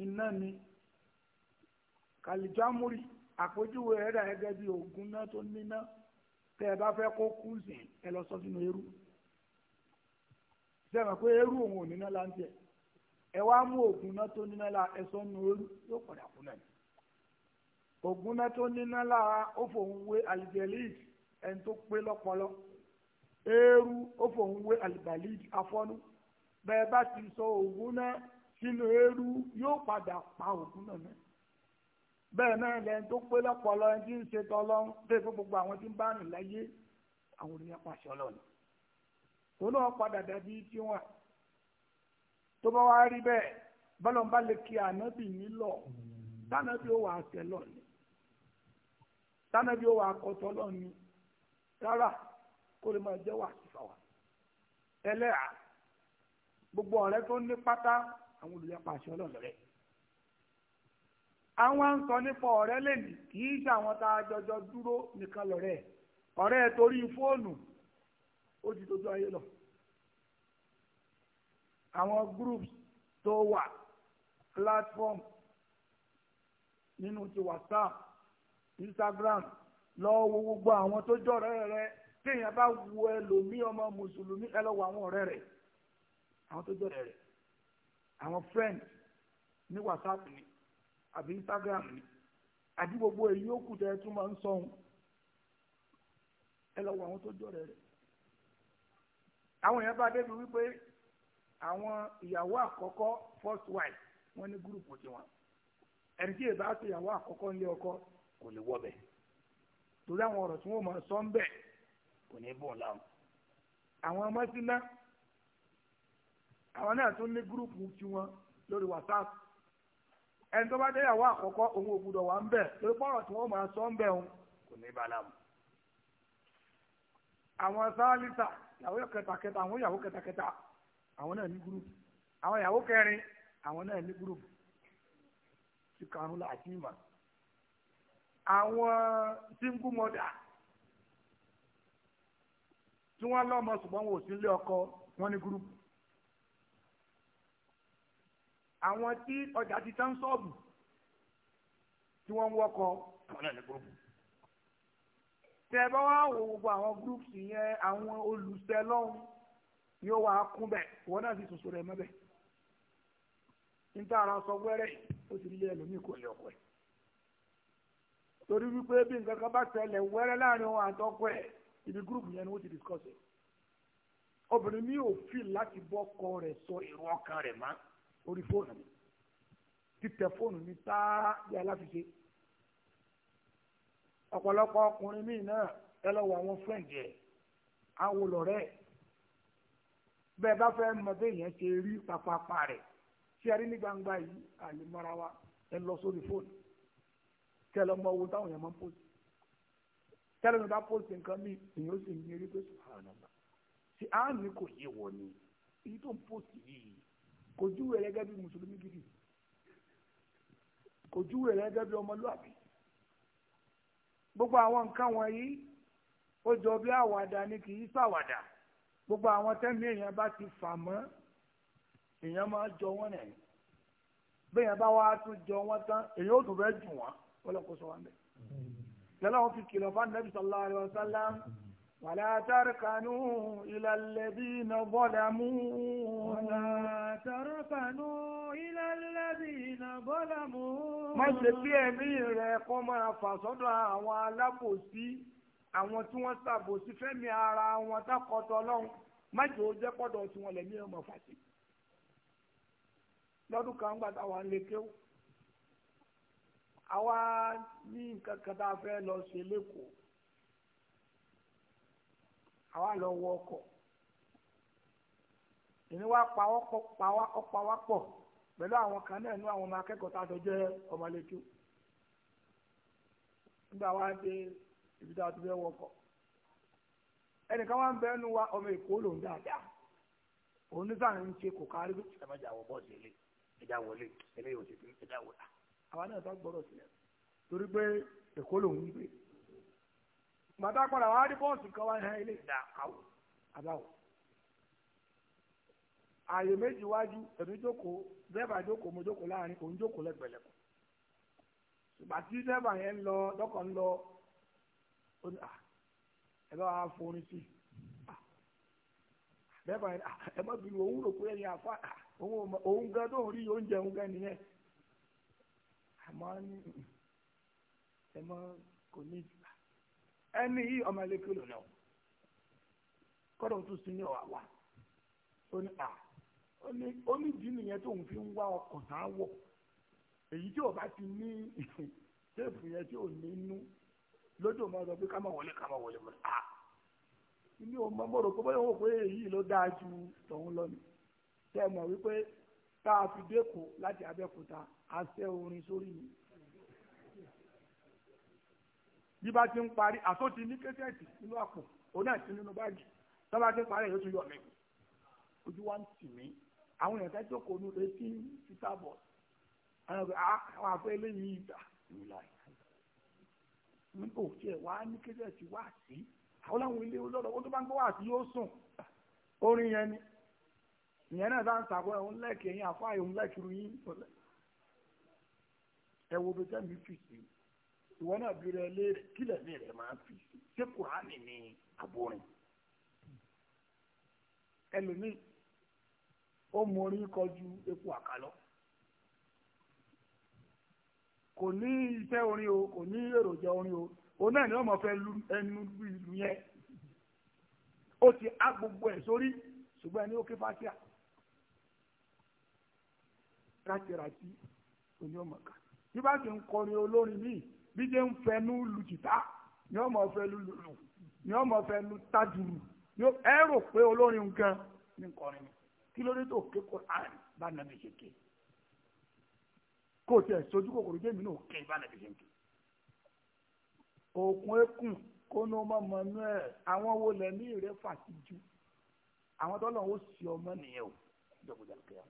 iná ni kàlìjámúrí àpèjúwe rẹ̀ gẹ́gẹ́ bí ògúnná tó níná tẹ́ bá fẹ́ kó kú sìn ẹ lọ sọ sínú sẹ́wọ̀n pé eérú òun ò níná láńtẹ̀ ẹ wá mú ògùn náà tó níná la ẹ̀sọ́ nu orí yóò padà kú náà ògùn náà tó níná lára ó fòun wé alìjẹlíìd ẹni tó pé lọ́pọlọ eérú ó fòun wé afọ́nú bẹ́ẹ̀ bá ti sọ ògùn náà sínú eérú yóò padà pa ògùn náà bẹ́ẹ̀ náà lẹ́yìn tó pé ẹni tí gbogbo àwọn tí ń bá rìn láyé àwọn tó náà padà dàbí tiwọn tó bá wá rí bẹ́ẹ̀ bọ́lọ̀ lè kí ànábì nílọ tánàbí ó wà àtẹ lọ́ọ̀ni tánàbí ó wà lè máa jẹ́ wà sífà wà ẹlẹ́à gbogbo ọ̀rẹ́ tó ní pátá àwọn olùyapa àṣẹ ọlọ́ọ̀lọ́ àwọn ń sọ nípa ọ̀rẹ́ lẹ́nu kì í ṣe àwọn tá a jọjọ dúró ó ti tójú ayé lọ àwọn groups tó wà platform nínú ti whatsapp instagram lọ wo gbogbo àwọn tó jọ̀rẹ́ rẹ téèyàn bá wo ẹlòmíì ọmọ mùsùlùmí ẹ lọ wo àwọn ọ̀rẹ́ rẹ àwọn tó jọ̀rẹ́ rẹ àwọn friends ní whatsapp ni àbí instagram ni àti gbogbo èyí ó kù tẹ́ ẹ tún máa ń sọ̀hún ẹ lọ àwọn tó jọ̀rẹ́ rẹ. àwọn èèyàn bá débi wípé àwọn ìyàwó àkọ́kọ́ first wife wọ́n ní gúrùpù tiwọn ẹni tí èèbá ṣe ìyàwó àkọ́kọ́ ńlé ọkọ kò lè wọ́ bẹ̀ torí àwọn ọ̀rọ̀ tí wọ́n máa sọ ń bẹ̀ kò ní bùn láwọn àwọn ọmọ sí ná àwọn náà tún ní gúrùpù tiwọn lórí whatsapp ẹni tó bá dé ìyàwó àkọ́kọ́ òun ò gbúdọ̀ wà ń bẹ̀ lórí pọ́rọ̀ tí wọ́n máa sọ ń bẹ̀ òun kò ní bá láwọn àwọn sáálítà ìyàwó kẹtàkẹtà àwọn ìyàwó kẹtàkẹtà àwọn náà ní gúrùpù àwọn ìyàwó kẹrin àwọn náà ní gúrùpù ti karùn la àti ìmọ̀ àwọn single mother tí wọ́n lọ́mọ ṣùgbọ́n wọn ò sí ilé ọkọ wọn ní gúrùpù àwọn tí ọjà ti tán sọ́ọ̀bù tí wọ́n ń wọ́kọ àwọn náà ní gúrùpù. tẹ ẹ bá wá wo gbogbo àwọn groups yẹn àwọn olùsẹlọ́hún yóò wá kún bẹ̀ wọn náà sì sòsò rẹ̀ mọ́bẹ̀ níta ara sọ wẹ́rẹ́ ó sì lé ẹlòmíì kò lè ọkọ ẹ̀ torí wípé bí nǹkan ibi group yẹn ni wọ́n ti discuss it obìnrin mi ò fi láti bọ́ kọ rẹ̀ sọ èrò ọkàn rẹ̀ orí fóònù mi títẹ fóònù mi bí aláfiṣe. ọ̀pọ̀lọpọ̀ ọkùnrin míì náà ẹ lọ wọ àwọn fúrẹ́ǹdì ẹ̀ àwọn olọ̀rẹ́ bẹ́ẹ̀ bá fẹ́ mọ bí ṣe rí papapa rẹ̀ tí a rí ní gbangba yìí àlùmọ́ra wa ẹ lọ sórí fóònù kẹ lọ mọ owó táwọn èèyàn máa ń pòsì tẹ́lẹ̀ mi bá pòsì nǹkan mi èèyàn sì ní eré pé sùpàrànàmà tí a kò yé wọ ni èyí tó ń pòsì yìí kò júwèé rẹ gẹ́gẹ́ bí mùsùlùmí gidi kò júwèé rẹ bí ọmọlúwàbí gbogbo àwọn nǹkan wọ̀nyí ó jọ bí àwàdà ni kì í ṣàwàdà gbogbo àwọn tẹ́mi èèyàn bá ti fà mọ́ èèyàn máa jọ wọ́n nẹ̀ bẹ́ẹ̀yàn bá wá tún jọ wọ́n tán èèyàn ó tún fẹ́ jù wọ́n wọ́n wọn bẹ́ẹ̀. ìjọba fi kìlọ̀ fún anabi sallallahu alayhi wa sallam. ولا تركنوا إلى الذين ظلموا ولا تركنوا إلى الذين ظلموا má ṣe bí ẹ̀mí rẹ kó máa fà sọ́dọ̀ àwọn alábòsí àwọn tí wọ́n ṣàbòsí fẹ́mi ara wọn dákọ̀tọ̀ ọlọ́run má jẹ́ ó jẹ́ pọ̀dọ̀ tí wọ́n lẹ̀mí ọmọ fàṣẹ. lọ́dún kan gbà táwa ń àwa ní nǹkan kan tá a fẹ́ lọ ṣe lẹ́kọ̀ọ́. àwa lọ wọ ọkọ ìní wa pawọ́pọ̀ pẹ̀lú àwọn kan náà nínú àwọn ọmọ akẹ́kọ̀ọ́ tá a jọ jẹ ọmọlẹ́kí nígbà wa dé ibi tá a ti fẹ́ wọkọ̀ ẹnìkan wá ń bẹ ẹnu wa ọmọ èkó lòun dáadáa òun ní sáà ń ṣe kò kárí bí ẹ má jà wọ ilé wọlé torí pé èkó lòun gbàtà padà wàá rí bọ́ọ̀sì kan wá hàn ilé ìdá àwọ̀ àbáwọ̀ ààyè méjì wájú èmi jókòó dẹ́bà jókòó mo jókòó láàrin òun jókòó lẹ́gbẹ̀lẹ́kọ̀ ṣùgbọ́n tí dẹ́bà yẹn ń lọ dọ́kọ̀ ń lọ ó ní ẹ bá wàá forin sí dẹ́bà yẹn ẹ má bínú òun rò pé ẹni àfa òun gan tó ń rí oúnjẹ òun gan nìyẹn àmọ́ ẹ má kò ní jù ẹni yìí ọmọ ilé kìlò náà kọ́dọ̀ tún sí ní ọ̀wà ó ní à ó ní ìdí nìyẹn tó ń fi ń wá ọkọ̀ tá a wọ̀ èyí tí ò bá ti ní téèpù yẹn tí ò ní inú lójú ọmọ ọdọ pé ká má wọlé ká má wọlé mọ́ à ilé ọmọ mọ́rò pé bóyá wò pé èyí ló dáa ju tòun lọ ni tẹ́ ẹ mọ̀ wípé tá a fi dẹ́kun láti Abẹ́òkúta a ṣẹ́ orin sórí ni bí bá ti ń parí àsótì ní kẹsẹ̀tì nínú àpò òun náà ti nínú báàgì tó bá ti ń parí èyí tó yọ mí ojú wa ń tì mí àwọn èèyàn fẹ́ jókòó ní etí títà bọ̀ àwọn àfẹ́ eléyìí ìta ìwúlá yìí ò tiẹ̀ wá ní kẹsẹ̀tì wá sí àwọn làwọn ilé olóró owó tó bá ń gbọ́ wá sí yóò sùn orin yẹn ni ìyẹn náà bá ń sàbọ̀ ẹ̀ ń lẹ́kẹ̀ẹ́ yín àfáà ẹ̀ ń lẹ́kẹ̀ẹ́ yín ẹ wo bẹ́tẹ́ mi fì sí i. ìwọ náà bí léèrè kílẹ̀ ní rẹ máa fi ṣé kùránì ní àbúrin ẹlòmíì ó mórí kọjú epo àkàlọ kò ní iṣẹ́ orin o kò ní èròjà orin o òun náà ni wọ́n mọ̀ fẹ́ lu ẹnu ìlú yẹn ó ti á bí jẹ́ ń fẹnu lu jìtá ni ọmọ fẹnu lulu ni ọmọ fẹnu tajuru ni ẹ rò pé olórin nǹkan ní nkọrin kí ló dé tó ké Quran bá nàbí ṣe ké kó o tẹ sojú kòkòrò jẹ́ mi náà ké bá nàbí ṣe ké òkun ekun kónú ọmọ mọ̀nú àwọn wo lẹ̀ ní ìrẹ́ fàtijú àwọn tó lọ́wọ́ sí ọmọ nìyẹn o jọ̀gbọ̀jà kẹ́yà.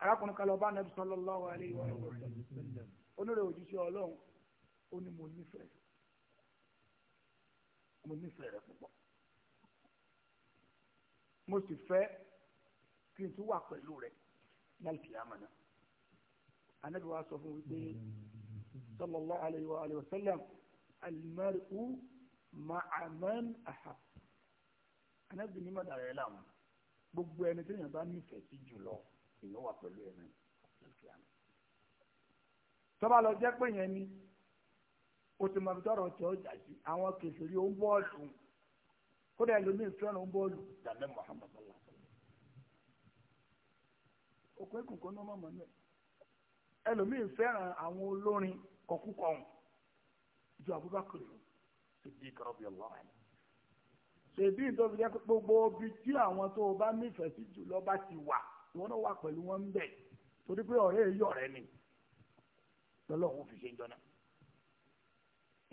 arákùnrin kan bá nàbí sallallahu alaihi wa sallam onírè òjíṣẹ́ ọlọ́run ó ní mo nífẹ̀ẹ́ mo nífẹ̀ẹ́ rẹ púpọ̀ mo sì fẹ́ kí n tún wà pẹ̀lú rẹ láìpẹ́ yàmà náà anabi wa sọ fún wípé sallallahu alayhi wa alayhi wa sallam alimariku ma'aman aha anabi ni ma dara ẹ la wọn gbogbo ẹni tí yẹn nífẹ̀ẹ́ sí jùlọ èèyàn pẹ̀lú ẹ̀ láìpẹ́ yàmà tọ́ba lọ jẹ́ pé yẹn ni. ó ti mọ tọrọ tí ó jà sí àwọn kẹfìrí ó ń bọ́ọ̀lù kódà ẹlòmíì fẹ́ràn ó ń bọ́ọ̀lù dàbẹ́ Muhammad sallallahu alaihi wasallam òkú fẹ́ràn àwọn olórin ju Abubakar ṣèbí gbogbo ibi tí àwọn tó o bá nífẹ̀ẹ́ sí ti wà wọn náà wà pẹ̀lú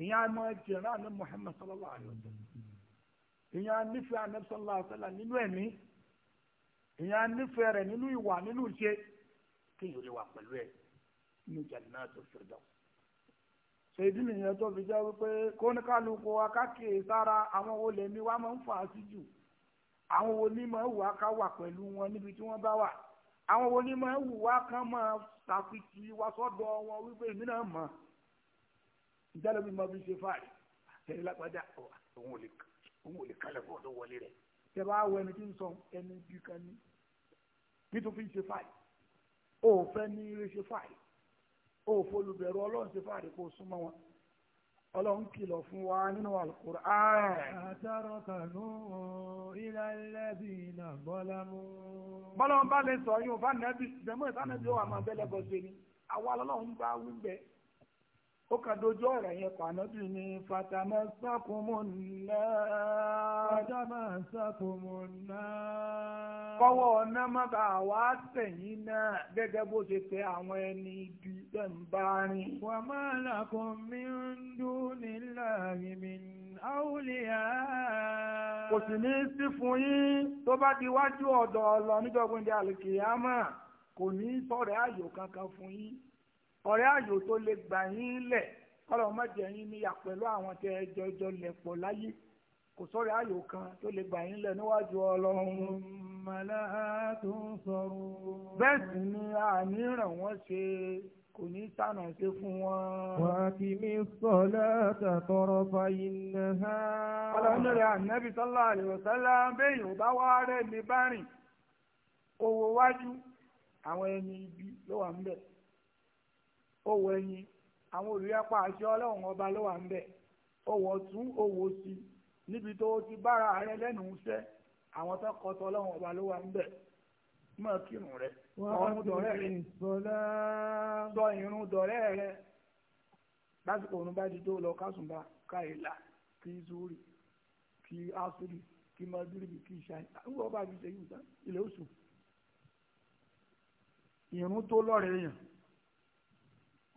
ìyẹn àmọ́ jẹ̀rán àná Muhammad sallallahu alayhi wa sallam ìyẹn anífẹ́ àná sallallahu alayhi wa sallam nínú ẹ̀mí ìyẹn anífẹ́ rẹ̀ nínú ìwà nínú ìṣe kéèyàn lè wà pẹ̀lú ẹ̀ nínú Jannatul Firdaus èdè nìyẹn tó fi jẹ́ wípé kóníkàlùkù wa káàkiri sára àwọn olè ní wa máa ń fà á sí jù àwọn onímọ̀ wù wá ká wà pẹ̀lú wọn níbi tí wọ́n bá wà àwọn onímọ̀ wù wá kán máa tàpìtì wa wọn wípé èmi náà mọ̀ ìjálẹ̀ mi máa fi ṣe fáàrí àtẹ̀lé lágbájá òun ò lè kalẹ̀ fún ọ̀dọ̀ wọlé rẹ̀ fi o fáàrí ó fẹ́ ní o ṣe fáàrí ó folùbẹ̀rù ọlọ́run ṣe fáàrí kó súnmọ́ wọn wa ninu Al-Qur'an. àtàrọ̀ a ilà kanu iná na mú. bọ́lá ń bá lè sọ yóò bá nẹ́bí ìdẹ́mọ̀ ìsánẹ́bí ó wà máa bẹ́lẹ̀ bọ́ sí ni kà dojú ọ̀rọ̀ yẹn pànọ́bì ni fatama sákòmó nná. fatama sákòmó nná. kọ́wọ́ ọ̀nà má bà wá sẹ̀yìn náà gẹ́gẹ́ bó ṣe tẹ àwọn ẹni ibi tẹ̀ ń bá rìn. wà á máa làkùn mi ń dún nílà yìí àwùlíyà. kò sì ní sí fún yín tó bá di wájú ọ̀dọ̀ ọ̀lọ́ níjọ́gbìn di àlùkìyàmà kò ní sọ̀rọ̀ ayò kankan fún yín ọ̀rẹ́ àyò tó lè gbà yín lẹ̀ kọ́lọ̀ ọmọ jẹ́ yín níyà pẹ̀lú àwọn tẹ́ ẹ jọjọ lẹ̀ pọ̀ láyé kò sọ̀rọ̀ àyò kan tó lè gbà yín lẹ̀ níwájú ọlọ́run. mọ̀lá tó ń sọ̀rọ̀. bẹ́ẹ̀ sì ni àní ràn wọ́n ṣe kò ní sànà ṣe fún wọn. wà á kì mí sọ̀lá tàtọ̀rọ̀ fàyínà ha. ọlọ́run rẹ̀ ànábì sọ́lá àlèwọ̀sálá bẹ́ẹ̀ bá wá rẹ̀ ní bá rìn owó wájú àwọn ẹni ibi ló wà ń bẹ̀. owó ẹyin àwọn olùyapa àṣẹ ọlọ́run ọba ló wà ń bẹ̀ owó ọ̀tún owó sí níbi tó ti bára ààrẹ lẹ́nu iṣẹ́ àwọn tó kọ́ ọlọ́run ọba ló wà ń bẹ̀ mọ̀ kírun rẹ̀ ọ̀run dọ̀rẹ́ rẹ̀ sọ irun dọ̀rẹ́ rẹ̀ lásìkò òun lọ kásùnbà káyìlá kí kí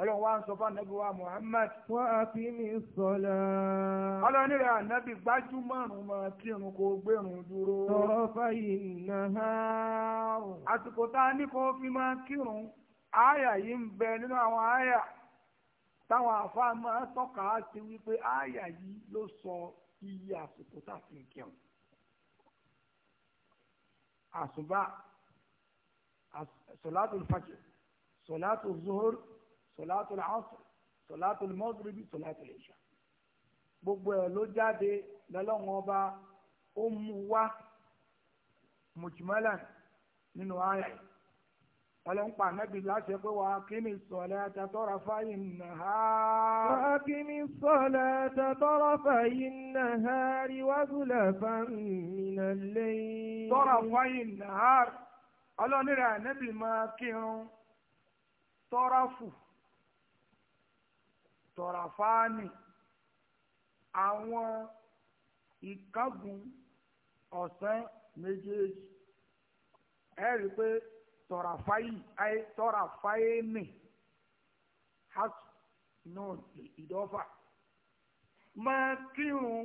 ọlọ́run wá ń sọ fún anabi wa muhammad. wa aqimi s-salah. ọlọ́run rẹ̀ anabi gbájú márùn-ún máa kírun kó gbẹ̀rún dúró. tarafayin nahar. àsìkò tá a ní kó fi máa kírun àyà yìí ń bẹ nínú àwọn àyà táwọn àfáà máa tọ́ka sí wípé àyà yìí ló sọ iye àsìkò tá a fi ń kírun. àsùbá sọ̀látù fàjr sọ̀látù zuhur. صلاة العصر، صلاة المغرب، صلاة العشاء. gbogbo ẹ̀ ló jáde lọ́lọ́run ọba ó mú wá mùjúmọ́lá nínú ayà yìí ọlọ́npa anábì láṣẹ pé wà á kí ni sọ̀lẹ̀ àtàtọ́ra fáyín nà á. wà kí ni sọ̀lẹ̀ àtàtọ́ra fáyín nà á rí wágùlẹ̀ fáyín lẹ́yìn. tọ́ra fáyín nà á ọlọ́nira anábì máa kírun tọ́ra fù tọ̀ràfáàní àwọn ìkágun ọ̀sán méjèèjì ẹ rí i pé tọ̀ràfáyì ayé tọ̀ràfáyé mi hat náà ìdọ́fà máa kírun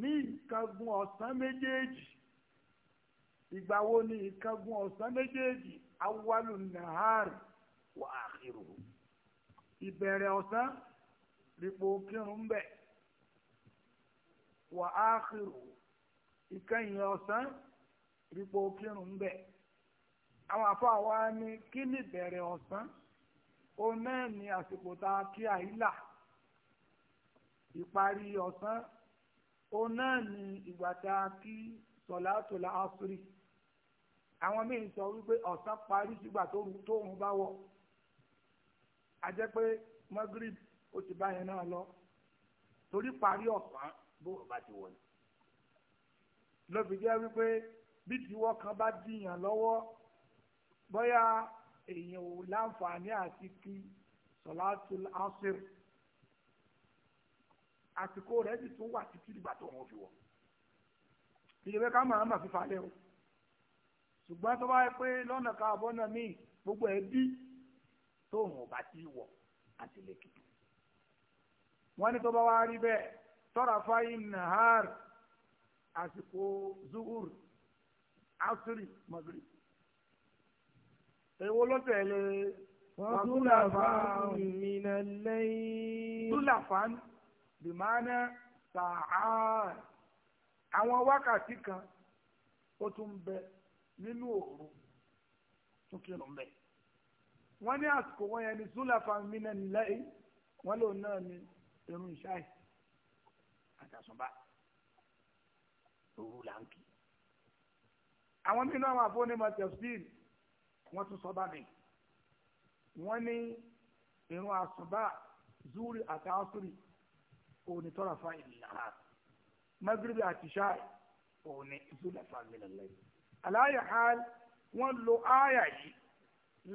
ní ìkágun ọ̀sán méjèèjì ìgbà wo ni ìkágun ọ̀sán méjèèjì awwalu nahar wa akhiruhu ìbẹ̀rẹ̀ ọ̀sán rìpò kírun ń bẹ̀ wà áàkìrù ìkẹyìn ọ̀sán rìpò kírun ń bẹ̀ àwọn àfa wa ní kí ni ìbẹ̀rẹ̀ ọ̀sán òun náà ní àsìkò tá a kí àyílà ìparí ọ̀sán òun náà ìgbà tá a kí sọ̀látòlá àṣírí àwọn míì sọ wípé ọ̀sán parí sígbà tó rùn bá wọ̀ a jẹ́ pé magrib ó ti báyẹn náà lọ torí parí ọ̀sán bó o bá ti wọlé ló fi jẹ́ wípé bí tiwọ́ kan bá dìyàn lọ́wọ́ bóyá èèyàn ò láǹfààní àti kí sọlátul asir àsìkò rẹ̀ sì tún wà títí dìgbà tó wọn fi wọ̀ ìyẹ̀wé ká máa ń bà fífa lẹ́wọ̀ ṣùgbọ́n tó bá yẹ pé lọ́nà ká àbọ̀nà míì gbogbo ẹ̀ bí tóun ò bá tí wọ̀ àti lè tutù. wọ́n ní tó bá wá rí bẹ́ẹ̀ tọ́ra fáyín nahar àsìkò zuhur asiri maghrib èwo ló tẹ̀lé wàtúlàfàn mìíràn lẹ́yìn. túlàfàn bìmánà sàáàr àwọn wákàtí kan ó tún bẹ nínú òru tún kírun bẹ́ẹ̀ wọ́n ní àsìkò wọn yẹn ní zulafa mina nílẹ̀ wọ́n lòun náà ní irun ṣáì àtàsùnbà òru là ń kí. àwọn nínú àwọn àfọwọ́nìmọ̀ tẹ̀síìl wọ́n tún sọ bá mi wọ́n ní irun àsùnbà zuri àtàsùrì òní tọ́ra fa ìlànà magrebi àti ṣáì òní zulafa mina nílẹ̀. àlàyé hàn lo áyà yìí.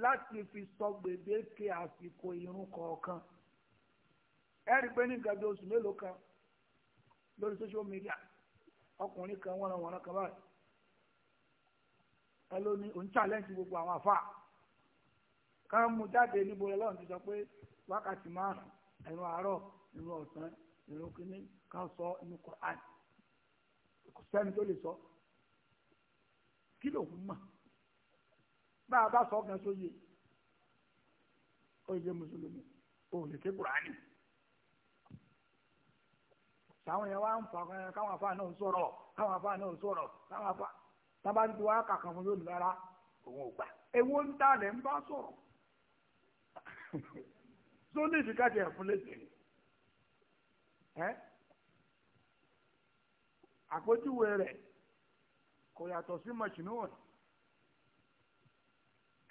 láti fi sọ gbèdéke àsìkò ìrun kọ̀ọ̀kan ẹ i pé ní nǹkan oṣù mélòó kan lórí social media ọkùnrin kan wọ́n wọ́n kan báyìí ẹ ló ní òun challenge gbogbo àwọn àfa kan mú jáde níbo lọ́run ti sọ pé wákàtí márùn àárọ̀ sọ inú kò sẹ́ni bá a bá sọ ọ́ gan sóye ó yẹ mùsùlùmí ó lè ké kúránì sàwọn yẹn wá ń fa káwọn afá náà sọ̀rọ̀ káwọn afá náà sọ̀rọ̀ káwọn afá tábà ń tu wá kàkàn fún yóò lára òun ò gbà ń ta ń bá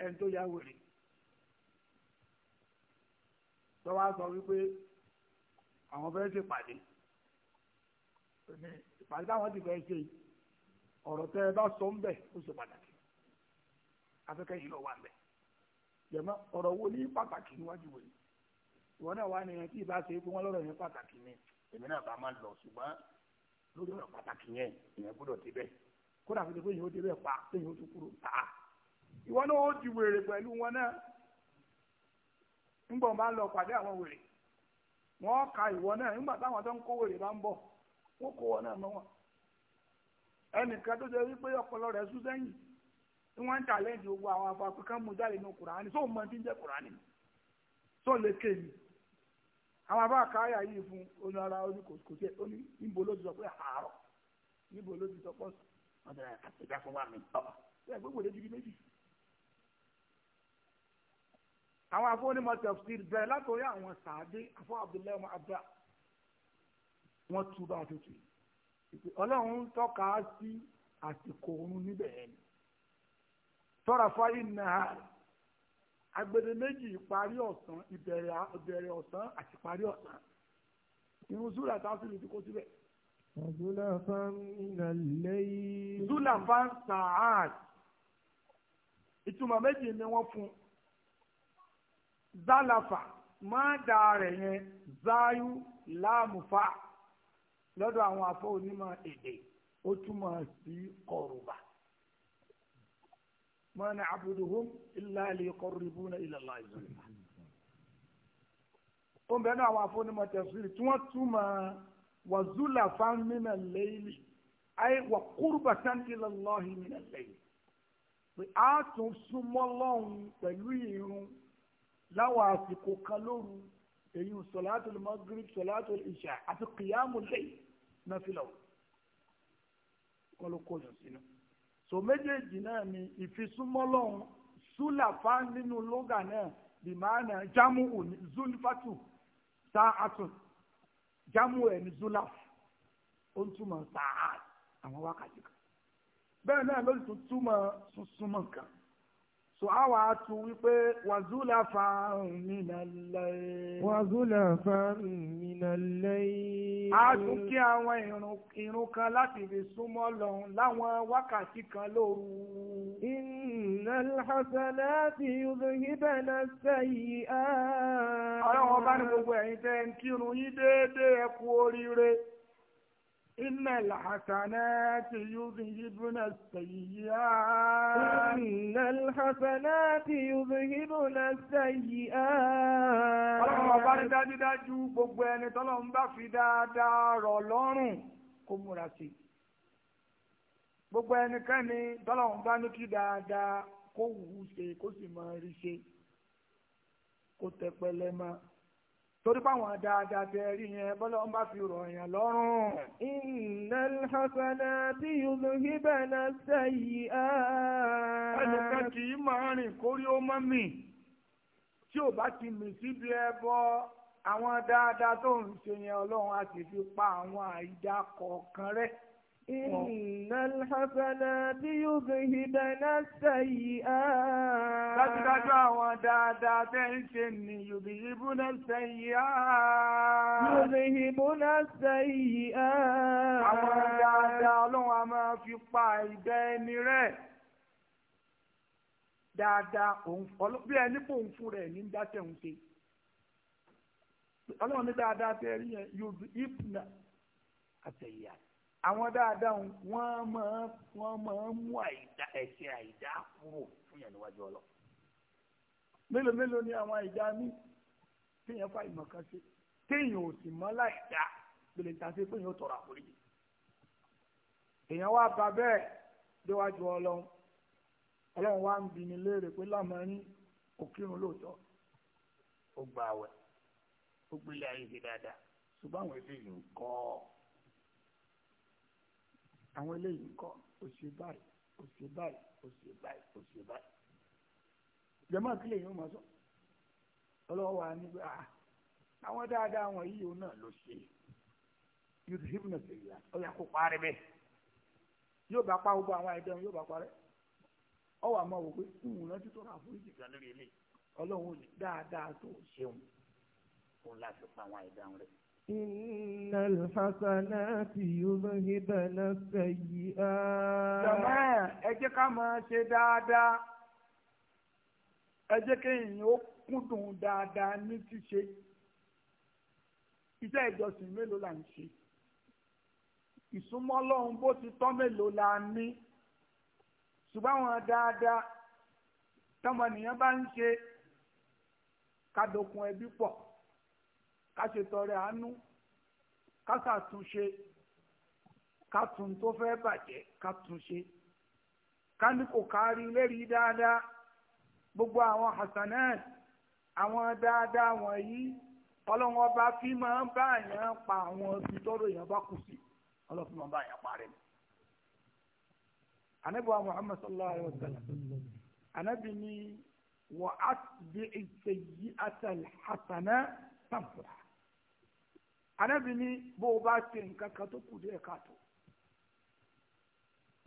ẹni tó yá wèrè lọ́wọ́ á sọ wípé àwọn fẹ́ẹ́ ṣe pàdé ìpàdé táwọn ti fẹ́ẹ́ ṣe ọ̀rọ̀ tẹ́ ẹ bá sọ ń bẹ̀ ó ṣe pàtàkì afẹ́kẹ́ yìí lọ wà bẹ̀ jẹ̀mọ́ ọ̀rọ̀ wo ní pàtàkì níwájú wòye ìwọ náà wà ní ẹ tí ìbá ṣe é pé wọ́n lọ́rọ̀ yẹn pàtàkì ni èmi náà bá máa lọ ṣùgbọ́n lórí ọ̀rọ̀ pàtàkì yẹn ìyẹn gbọ́dọ̀ débẹ̀ kódà fi ṣe pé yìí ó débẹ̀ pa pé yìí ó tún kúrò tàá ìwọ náà ó di wèrè pẹ̀lú wọn náà ńgbọ̀n bá ń lọ pàdé àwọn wèrè wọ́n ka ìwọ náà nígbà táwọn tó ń kó wèrè bá ń bọ̀ wọ́n kó wọn náà mọ́ wọn ẹnìkan tó ṣe wípé ọpọlọ rẹ̀ sún sẹ́yìn tí wọ́n ń tàlẹ́ǹtì gbogbo àwọn kan mú jáde kùránì sóò mọ tí ń kùránì sóò lè àwọn yìí fún oní ara oní kò oní níbo ló ti sọ pé níbo àwọn afọ́nímọ̀ tafsir bẹ̀rẹ̀ látọ̀rí àwọn sàádé afọ́ abdullahi ọmọ abdá wọ́n tú báwọn tó tù yìí ọlọ́run ń tọ́ka sí àsìkò oorun níbẹ̀ yẹn ni tọ́ra fáyé náà agbede méjì ìparí ọ̀sán ìbẹ̀rẹ̀ ọ̀sán àti ìparí ọ̀sán irun zula tá a sì lè ti kó síbẹ̀. zula fan na lẹ́yìn. zula fan sa'ad ìtumọ̀ méjì ni wọ́n fún un zálàfà máa dà rẹ̀ yẹn záyú láàmùfà lọ́dọ̀ àwọn afọ onímọ̀ èdè ó túmọ̀ sí kọ̀rùbà ma na'buduhum illa liyuqarribuna ila Allahi zulfa. ó ń bẹ náà àwọn afọ́nimọ̀ tẹ̀síìrì tí wọ́n túmọ̀ wa zulafan mina al-layli ay wa qurbatan ila Allahi mina pé a tún súnmọ́ lọ́hùn pẹ̀lú ìrun láwọn àsìkò kan lóru èyí sọ̀látùl magrib sọ̀látùl ìṣà àti kìyàmù lẹ́yìn náfìlà kọlọ́kọ́ sínú. so méjèèjì náà ni ìfisúnmọ́lọ́hún súlàfà nínú lóga náà bìmánà jámù ní zulfatu sa'atun jámù ẹ̀ ní zulaf ó ń túmọ̀ sàá àwọn wákàtí kan bẹ́ẹ̀ náà ló sì túmọ̀ súnmọ́ nǹkan so àwa tún wípé wàzúlà fa mìnà lẹ́yìn. wàzúlà fa mìnà lẹ́yìn. a tún kí àwọn irun kan láti fi súnmọ́ lọ́hùn láwọn wákàtí kan lóru. iná lásánà ti yóò yíbẹ̀ ọba ní gbogbo ẹ̀yin tẹ́ ń kírun yín déédéé ẹ kú oríire. إن الحسنات يذهبن السيئات إن الحسنات يذهبن السيئات ọlọ́run ọba ní dájúdájú gbogbo ẹni tọ́lọ́run bá fi dáadáa rọ̀ lọ́rùn kó múra sí i gbogbo ẹnikẹ́ni tọ́lọ́run bá ní kí dáadáa kó wù ú ṣe kó sì máa rí ṣe kó tẹpẹlẹ máa. torí báwọn dáadáa tẹ rí yẹn bọ́lá ń bá fi rọ̀ yẹn lọ́rùn. innal hasanati yudhibna sayyi'at. ẹnìkan kì í máa rìn kórí ó mọ́ mi tí ò bá ti mì síbi ẹbọ àwọn dáadáa tó ń ṣe yẹn ọlọ́run á sì fi pa àwọn àìdá kọ̀ọ̀kan rẹ̀. Inna al-hasanati yudhhibna as-sayyi'at. Dájúdájú àwọn dáadáa tẹ́ ń ṣe ni yudhhibna as-sayyi'at. Yudhhibna as-sayyi'at. Àwọn dáadáa ọlọ́run a máa fi pa ìbẹ́ ẹni rẹ̀ dáadáa òun bí ẹni pò ń fún rẹ̀ ní dáṣẹ́ òun ṣe ọlọ́run ní dáadáa tẹ rí yẹn yóò ibùnà àtẹ̀yà àwọn dáadáa wọ́n máa wọ́n máa mú àìdá ẹ̀ṣẹ̀ àìdá kúrò fún yẹn níwájú ọlọ mélòó mélòó ni àwọn àìdá ní téèyàn fa ìmọ̀ kan ṣe téèyàn ò sì mọ́ láìdá gbèlè ta sí péèyàn ó tọrọ àforíjì èèyàn wá ba bẹ́ẹ̀ déwájú ọlọ́run ọlọ́run wá ń bi ni léèrè pé lámàrin òkírun lóòótọ́ ó gba àwẹ̀ ó gbélé ayé ṣe dáadáa ṣùgbọ́n àwọn èdè yìí ń kọ́ ọ àwọn eléyìí kọ òṣè báyìí òṣè báyìí òṣè báyìí òṣè báyìí jẹmọ àkílẹ yìí ó máa sọ ọlọ́wọ́ wa ní bá ah, àwọn dáadáa wọn yìí òun náà ló ṣe yóò ti hípnà sèyí la ó yà kó parí bẹ́ẹ̀ yóò bá pa gbogbo àwọn àìdán yóò bá parẹ́ ọwọ́ àmọ́ wò pé ìwùn náà ti tó ra fún ìjìká lórí ilé ọlọ́run dáadáa tó ṣeun òun láti pa àwọn àìdán rẹ̀ إن الحسنات يذهبن السيئات جماعة ẹjẹ́ ká máa ṣe dáadáa ẹjẹ́ kéèyàn ó kúndùn dáadáa ní ṣíṣe iṣẹ́ ìjọsìn mélòó là ń ṣe ìsúnmọ́ Ọlọ́run bó ti tọ́ mélòó la ní ṣùgbọ́n àwọn dáadáa tọmọnìyàn bá ń ṣe kádokun ẹbí pọ̀ ká ṣe tọrẹ àánú ká ṣàtúnṣe ká tún tó fẹ́ bàjẹ́ ká túnṣe ká ní kò kárí lérí dáadáa gbogbo àwọn hasanat àwọn dáadáa wọ̀nyí ọlọ́wọ́n bá fi máa ń bá àyàn pa àwọn ibi tọ́rọ bá kù sí ọlọ́fin máa ń bá àyàn pa rẹ̀. muhammad sallallahu alayhi wa sallam anabi ni wa asbi sayyi'ata al-hasana tamfuha anábì bụ bó o bá se nǹkan kan tó kù díẹ̀ káàtó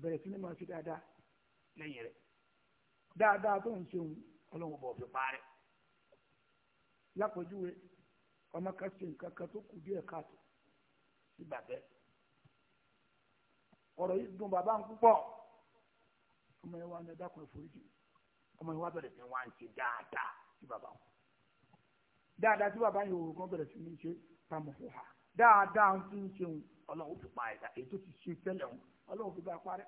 bẹ̀rẹ̀ sí ni máa dáadáa lẹ́yìn rẹ̀ dáadáa tó ń ọlọ́run bọ̀ fi parẹ́ ọmọ kan nǹkan kan tó kù díẹ̀ káàtó bẹ́ẹ̀ ọ̀rọ̀ yìí dùn bàbá ń kan ìforíjì ọmọ yẹn wá bẹ̀rẹ̀ sí wá ń dáadáa sí bàbá wọn dáadáa sí bàbá yẹn bẹ̀rẹ̀ sí tamuhuha dáadáa ń fi ń ṣeun ọlọ́run ti pa ẹ̀dá ètò ti ṣe tẹ́lẹ̀ wọn ọlọ́run ti bá parẹ́.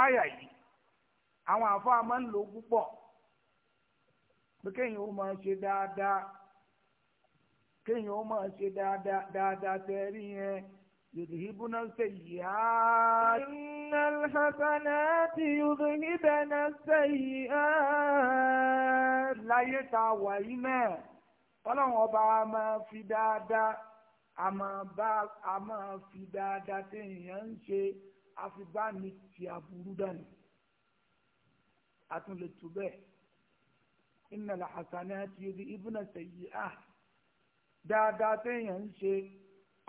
àyà yìí àwọn àfáà máa ń lò púpọ̀ pé kéèyàn ó máa ṣe dáadáa kéèyàn ó máa ṣe dáadáa dáadáa tẹ́rí yẹn yudhibuna sayyi'at. innal hasanati yudhibuna sayyi'at. láyé tá a wà yìí náà. ọlọ́run ọba a máa fi dáadáa a máa bá a máa fi dáadáa ń ṣe àfibáni ti aburú dànù àtúnlẹ̀tù bẹ́ẹ̀ innal hasanati yudhibna sayyi'ah dáadáa téèyàn ń ṣe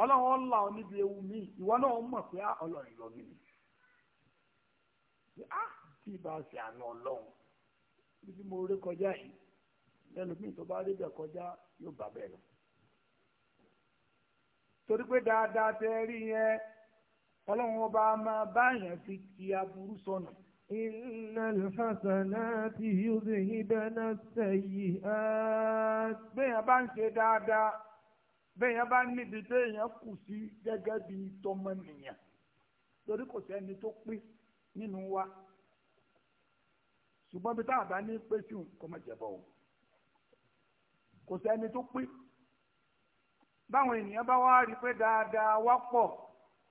ọlọ́run ọ̀la oníbi ewu mi ìwọ náà mọ̀ pé ah, ọlọ́run lọ ni ah, ṣe àná ọlọ́run bí mo rí kọjá yìí ẹlòmíì tó bá rí bẹ̀ kọjá yóò bá bẹ́ẹ̀ lọ. torí pé dáadáa tẹ rí yẹn ọlọ́run ọba máa bá yẹn fi ti aburú sọnù. Innal hasanati yudhibna sayyi'at. Béèyàn bá ń ṣe dáadáa, béèyàn bá níbi téèyàn kù sí gẹ́gẹ́ bí tọmọnìyàn. Torí kò sẹ́ni tó pé nínú wa. Ṣùgbọ́n bí táwọn bá ní pé sí òun kò má jẹ̀bọ̀ òun kò sẹ́ni tó pé báwọn ènìyàn bá wá rí i pé dáadáa wá pọ̀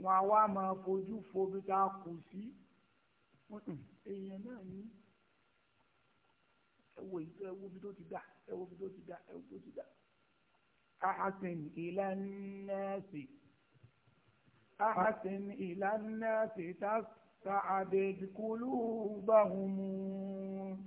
wọn á wá máa fojú fobi tá a kù sí èèyàn náà ní ẹwọ ẹwọ bí tó ti dà ẹwọ bí tó ti dà ẹwọ bí tó ti dà. أحسن إلى الناس أحسن إلى الناس تس سعدت قلوبهم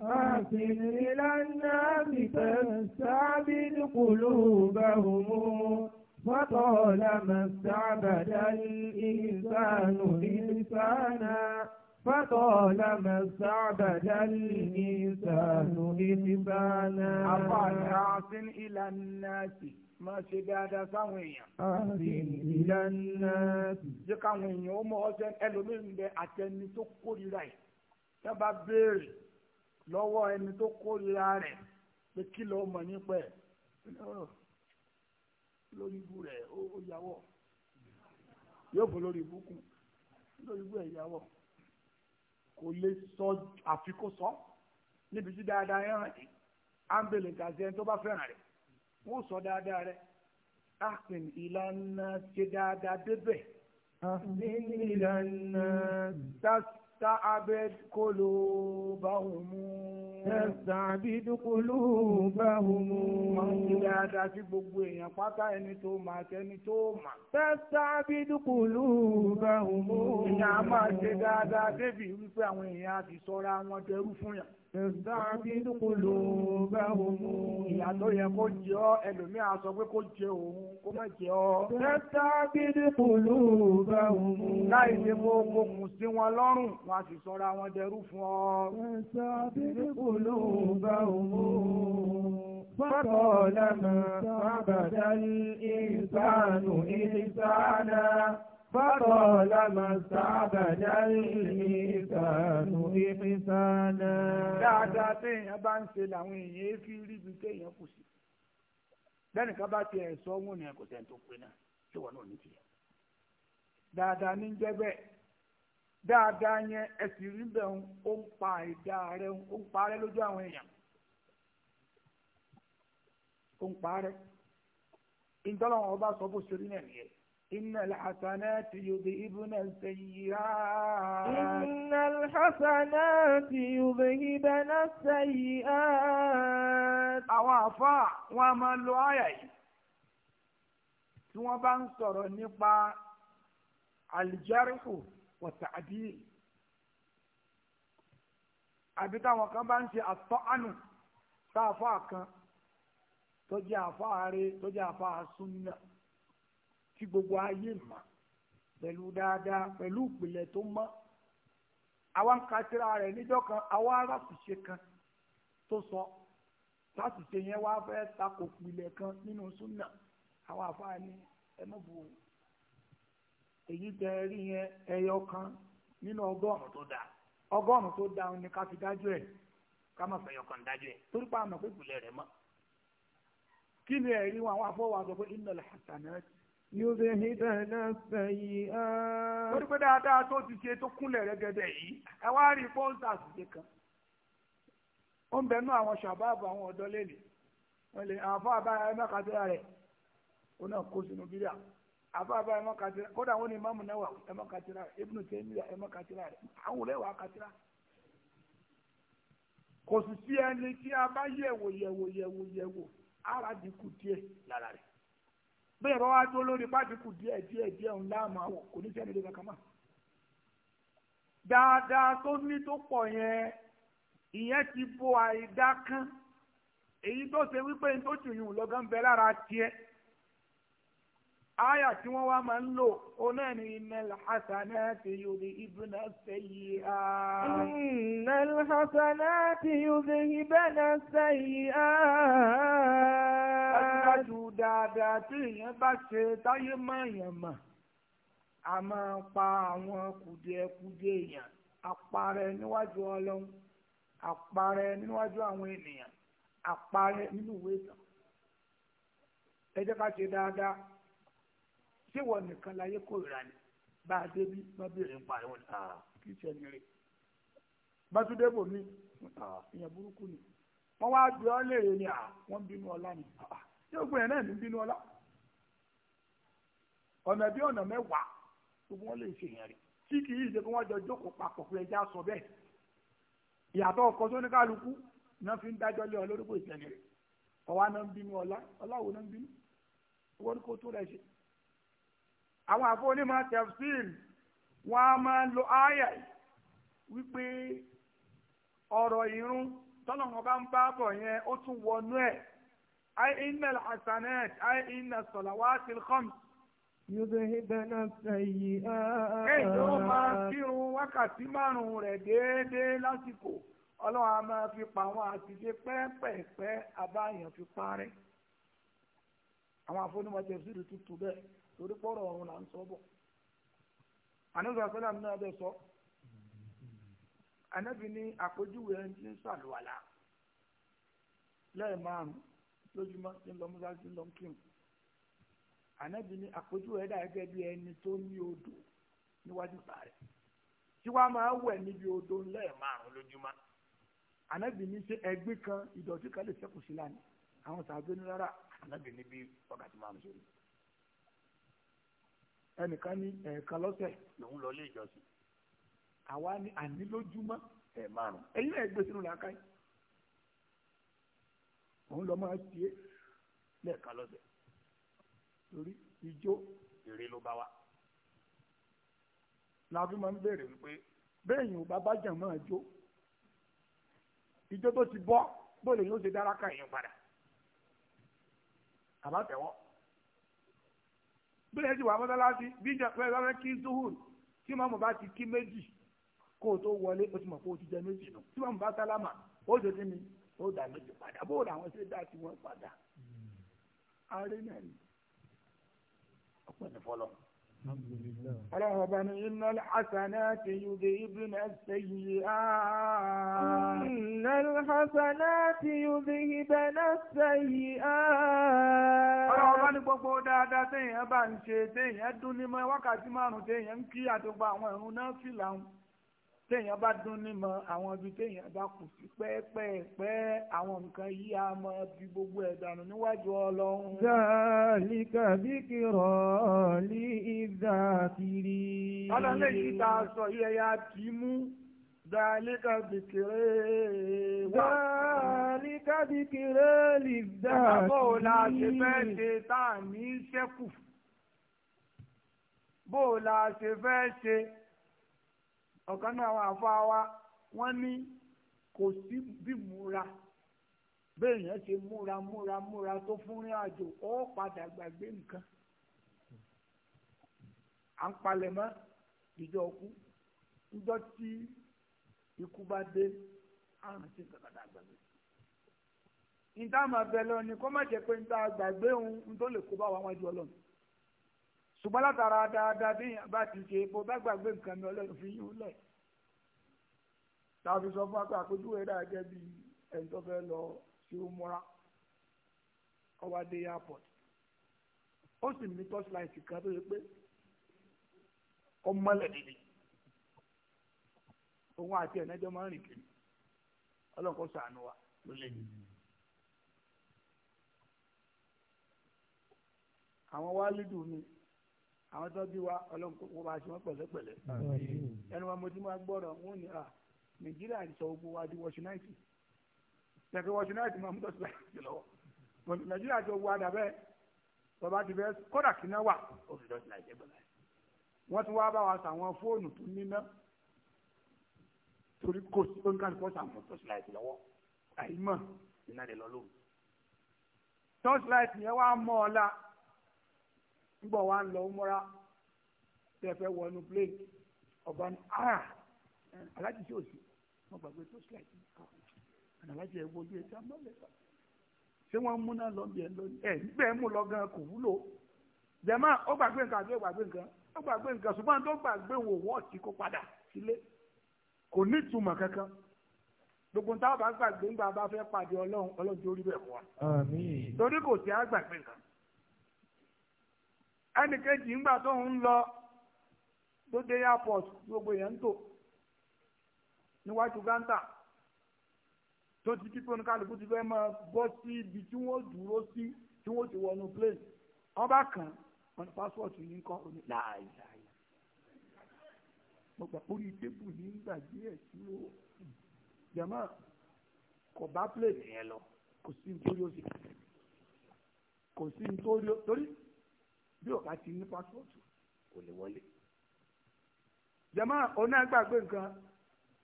أرسل إلى الناس فاستعبد قلوبهم فطالما استعبد الإنسان إنسانا فطالما استعبد الإنسان إنسانا أفعل أحسن إلى الناس máa ṣe dáadáa sáwọn èèyàn. ìlànà jẹ́ káwọn èèyàn ó mọ ọsẹ ẹlòmíín bẹ àtẹni tó kórìíra ẹ̀ dábà béèrè lọ́wọ́ ẹni tó kórìíra rẹ̀ pé kí ló mọ̀ nípa ẹ̀ lórí rẹ̀ ó yàwọ̀ yóò bọ̀ lórí ibùkún lórí ẹ̀ yàwọ̀ kò lè sọ àfi kó sọ níbi tí dáadáa yẹn hàn ní ámbélé gàzí ẹni tó bá fẹ́ràn rẹ̀ wọ́n sọ dáadáa rẹ̀ ápìn ìlànà ṣe dáadáa débẹ̀. ápìn ìlànà. that's تستعبد قلوبهم تستعبد قلوبهم Ìyá àdájí gbogbo èèyàn pátá ẹni tó mà àtẹni tó mà. تستعبد قلوبهم. Ìyá máa ṣe dáadáa débi wípé àwọn èèyàn á Ìsáàbínú qulubahum. Ìyà tó yẹ kó jẹ ọ́, ẹlòmí á sọ pé kó jẹ òun, kó má jẹ ọ́. Ìsáàbínú qulubahum. Láì ṣe kó kókùn sí wọn lọ́rùn, wọn a sì sọra wọn dẹrú fún ọ. Ìsáàbínú qulubahum. Fọ́tọ̀ lẹ́mọ̀ sábàdá فطالما استعبد الإنسان إحسانا dáadáa téèyàn bá ń ṣe làwọn èèyàn fi rí ibi téèyàn kù sí lẹ́nu ká bá tiẹ̀ sọ wọn ni kò sẹ́ni tó pe náà tí wọn náà ní tiẹ̀ dáadáa ní jẹ́ bẹ́ẹ̀ dáadáa yẹn ẹ̀sìn إن الحسنات يذهبن السيئات إن الحسنات يذهبن السيئات أوافا وما لوعي ثم بنصر نبا الجرح والتعديل أبدا وكما في الطعن صافاك تجي أفاري تجي أفاري kí gbogbo ayé mọ̀ pẹ̀lú dáadáa pẹ̀lú ìpìlẹ̀ tó mọ́ àwa ń ka síra rẹ̀ níjọ́ kan àwa aráàfíṣe kan tó sọ yẹn wá fẹ́ takò ìpìlẹ̀ kan nínú súnà àwọn àfáàní ẹnubù èyí tẹ rí yẹn ẹyọ kan nínú ọgọ́rùn-ún tó dáa ọgọ́rùn-ún tó dáa ni ká fi dájú ẹ̀ ká má fẹ̀yọ̀ kan dájú ẹ̀ torí pa pé ìpìlẹ̀ rẹ̀ mọ́ kí ni ẹ̀rí wọn yudhibana sayyi'at. ó ní pé dáadáa tó ti ṣe tó kúnlẹ̀ rẹ́gẹ́dẹ́ yìí ẹ wá rí fóńsà àṣìṣe kan ó ń bẹnu àwọn ṣàbáàbù àwọn ọ̀dọ́ lẹ́nu wọ́n lè àwọn afọ́ àbáyọ ẹ mẹ́ka rẹ̀ ó náà kó sínú bíríà àbá àbá ẹ mọ́ka tira kódà wọn ni mamu náwà ẹ mọ́ka tira rẹ Ibnu Taymiya ẹ mọ́ka tira rẹ àwọn olè wà á kò sì sí ẹni tí a bá yẹ̀wò yẹ̀wò yẹ̀wò yẹ̀wò ara dínkù díẹ̀ lára rẹ̀. bẹ́ẹ̀ bá wá dúró lórí pàdínkù díẹ̀ díẹ̀ díẹ̀ ń láàmú àwọn kò ní sẹ́ni lè kankan mọ́. dáadáa tó ní tó pọ̀ yẹn ìyẹn ti bo àìdá kan èyí tó ṣe wípé tó jù yùn lọ́gán bẹ lára tiẹ̀ áyà tí wọ́n wá máa ń lò oná ní innal hasanati yudhibna sayyi'at. innal hasanati yudhibna sayyi'at. ẹ̀dájú dáadáa tí èèyàn bá ṣe táyé mọ́ èèyàn mọ̀ a máa pa àwọn kùdìẹ̀kùdìẹ̀ èèyàn àparẹ́ níwájú ọlọ́run àparẹ́ níwájú àwọn ènìyàn àparẹ́ nínú ìwé ìtàn ẹ jẹ́ ká ṣe dáadáa ṣé wọn nìkan láyé kórìíra ni bá a dé bí wọn béèrè ń pariwo ni ah, kì í ṣe ẹni rè bàtúndé bò mí ìyẹn ah, burúkú ni wọn wá gbé ọ léèrè e ni ah, wọn bínú ọlá ni yóò gbé yẹn náà ní bínú ọlá ọ̀nà bí ọ̀nà mẹ́wàá gbogbo wọn lè ṣe yẹn rè tí kì í ṣe kí wọ́n jọ jókòó papọ̀ pé ẹja sọ bẹ́ẹ̀ ìyàtọ̀ ọkọ tó ní kálukú náà fi ń dájọ́ lé ọ lórúkọ ìṣẹ̀lẹ̀ rẹ̀ ọ̀wá náà ń bínú ọlá ọláwo náà ń bínú owó ní kó tó rẹ̀ ṣe àwọn àfọwọ́nímọ̀ tafsir wọn a máa lo àyà wípé ọ̀rọ̀ irun tọ́lọ́wọ́n bá ń bá bọ̀ yẹn ó tún wọnú ẹ̀ ayé iná hasanat ayé iná salawatil khams. yudhibna sayyi'at. èdè ó máa kírun wákàtí márùn-ún rẹ̀ déédéé lásìkò ọlọ́run a máa fi pa àwọn àtijọ́ pẹ́ẹ́pẹ́ẹ́pẹ́ abáyàn fi parẹ́ àwọn àfọwọ́nímọ̀ tafsir tuntun bẹ́ẹ̀ torí pọ́rọ̀ ọ̀run là ń sọ bọ̀ àníbà sọ́lá mi náà bẹ́ sọ ànábì ní àpèjúwe ẹni tí ń sàlùwàlà lẹ́ẹ̀ márùn-ún lójúmọ́ tí ń lọ mọ́sá tí ń lọ kírun ànábì ní àpèjúwe ẹ̀dá gẹ́gẹ́ bí ẹni tó ní odò níwájú sàárẹ̀ tí wàá máa wẹ̀ níbi odò lẹ́ẹ̀ márùn-ún lójúmọ́ ànábì ní ṣe ẹgbẹ́ kan ìdọ̀tí kan lè ṣẹ́kù sí lánàá àwọn sàbẹ̀ ní rárá ànábì ní bí wákàtí márùn-ún ṣe rí ẹnìkan ní ẹ̀ẹ̀kan lọ́sẹ̀ lòún lọ ilé ìjọsìn àwa ní ànílójúmọ́ ẹ̀ márùn ẹ̀yin náà gbé sínú làákàyè òun lọ máa tiẹ́ lẹ́ẹ̀kan lọ́sẹ̀ torí ijó èrè ló bá wa la fi máa ń béèrè wípé bẹ́ẹ̀yìn ò bá bá jàn máa jó ijó tó ti bọ́ bóòlù yóò ṣe dára ká èèyàn padà àbátẹ̀wọ́ bẹ́ẹ̀ ti wà mọ́sálásí bí ìjọba kí zuhur tí màmú bá ti kí méjì kó o tó wọlé o ti mọ̀ pé o ti jẹ méjì nù tí màmú bá sálámà ó ṣe kí ni ó dà méjì padà bó o làwọn ṣe dá tiwọn padà. Hmm. arínà ni ọpẹ́ ní fọlọ́mù. ọlọ́run ọba ní innal hasanati yudhibna as-sayyi'at. innal hasanati yudhibna as-sayyi'at. ọlọ́run ọba ní gbogbo dáadáa téèyàn bá ń ṣe téèyàn dún téèyàn bá dún nímọ̀ àwọn ibi téèyàn bá kù sí pẹ́ẹ́pẹ́ẹ́pẹ́ àwọn nǹkan yìí á mọ bí gbogbo ẹ̀ níwájú ọlọ́run. zalika dikira li izakiri. ọlọ́lẹ́ yìí tá a sọ yẹ ya tì í mú zalika dikira. zalika dikira li zakiri. àbọ̀ ò la ṣe fẹ́ ṣe tá a ní sẹ́kù bó o la ṣe fẹ́ ṣe ọ̀kan náà àwọn àfa wa wọ́n ní kò sí bí múra béèyàn ṣe múra múra múra tó fúnrin àjò ó padà gbàgbé nǹkan à ń palẹ̀ mọ́ ìjọ kú ńjọ́ tí ikú bá dé àrùn sí kankan gbàgbé níta máa bẹ lọ ni kó má jẹ́ pé níta gbàgbé òun tó lè kó bá wa wájú ọlọ́run ṣùgbọ́n látara dáadáa bí yàn bá ti ṣe bó bá gbàgbé nǹkan mi ọlọ́run fi yún lẹ̀ tàbí sọ fún wa pé àpèjúwe dáa jẹ́ bí ẹni tó fẹ́ lọ sí umura ọwọ́ airport ó sì ní torchlight kan tó yẹ pé ọmọlẹ̀ nìyí òun àti ẹ̀nẹ́jọ́ máa ń rìn kiri ọlọ́kọ̀ sànù wa ló lè ní. àwọn wálídù mi àwọn tó bí wa ọlọ́run kó bá ṣe wọ́n pẹ̀lẹ́pẹ̀lẹ́ ẹnu wa mo ti máa gbọ́dọ̀ wọ́n ní à nàìjíríà ti sọ gbogbo wa di wọ́ṣúnáìtì tẹ̀kẹ́ wọ́ṣúnáìtì máa mú tọ́sí láìsí lọ́wọ́ nàìjíríà ti sọ gbogbo wa dàbẹ́ bàbá ti fẹ́ kọ́dà kí náà wà ó fi tọ́sí láìsí gbọ́dọ̀ wọ́n tún wá bá wa sàwọn fóònù tó níná torí kò sí nǹkan kó sàmù torchlight lọ́wọ́ àyímọ̀ ìnáde lọ lóru torchlight yẹn wá mọ́ ọ la nígbà wa ń lọ múra tẹ́fẹ́ wọnú plane ọba ní ara ah! aláàjì sí òsì wọn gbàgbé tó sílẹ̀ sí aláàjì ẹ̀ wọlé ẹ̀ sáà mọ́lẹ̀ sá ṣé wọ́n múná lọ bí ẹ̀ ń lọ ẹ̀ nígbà ẹ̀ mú lọ gan kò wúlò jẹ̀mọ́ ó gbàgbé nǹkan àti ó gbàgbé nǹkan ó gbàgbé nǹkan ṣùgbọ́n tó gbàgbé wò wọ́n ti kó padà sílé kò ní ìtumọ̀ kankan gbogbo táwọn bá gbàgbé ńgbà bá fẹ́ pàdé ọlọ́run ọlọ́run tó rí bẹ́ẹ̀ fún wa torí kò sí àgbàgbé nǹkan ẹnìkejì ńgbà tó ń lọ tó dé airport gbogbo yẹn ń tò níwájú gántà tó ti dípò ní kálukú ti fẹ́ máa bọ́ sí ibi tí wọ́n dúró sí tí wọ́n ti wọnú plane wọ́n bá kàn wọ́n ní passport yìí ń kọ́ ọ ní láàyè mo gbà orí tébù nígbà díẹ̀ tí ó jẹ̀mọ́ kò bá plane yẹn lọ kò sí nítorí ó sì kò sí nítorí ó torí. bí òkà ti ní pásítọ̀tù kò lè wọlé. jẹ́mọ́ onágbàgbé nǹkan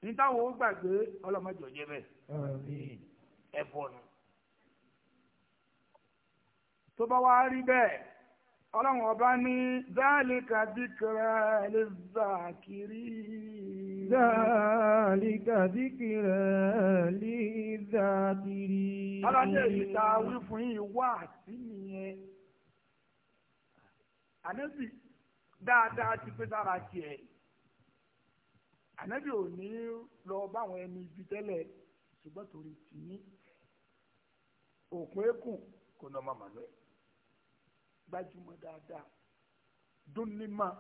ní táwọn ó gbàgbé ọlọ́mọdé ọ̀jẹ́ bẹ́ẹ̀ ẹ̀fọ́ tó bá wá rí bẹ́ẹ̀ ọlọ́run ọba ní dáàlíkà lè zàkìrí. ànábì dáadáa ti pé sára tiẹ̀ ànábì ò ní lọ báwọn ẹni ibi tẹ́lẹ̀ ṣùgbọ́n torí tìyí òkun eékùn kò nà ọmọ màlúù ẹ̀ gbajúmọ̀ dáadáa dúnnímọ̀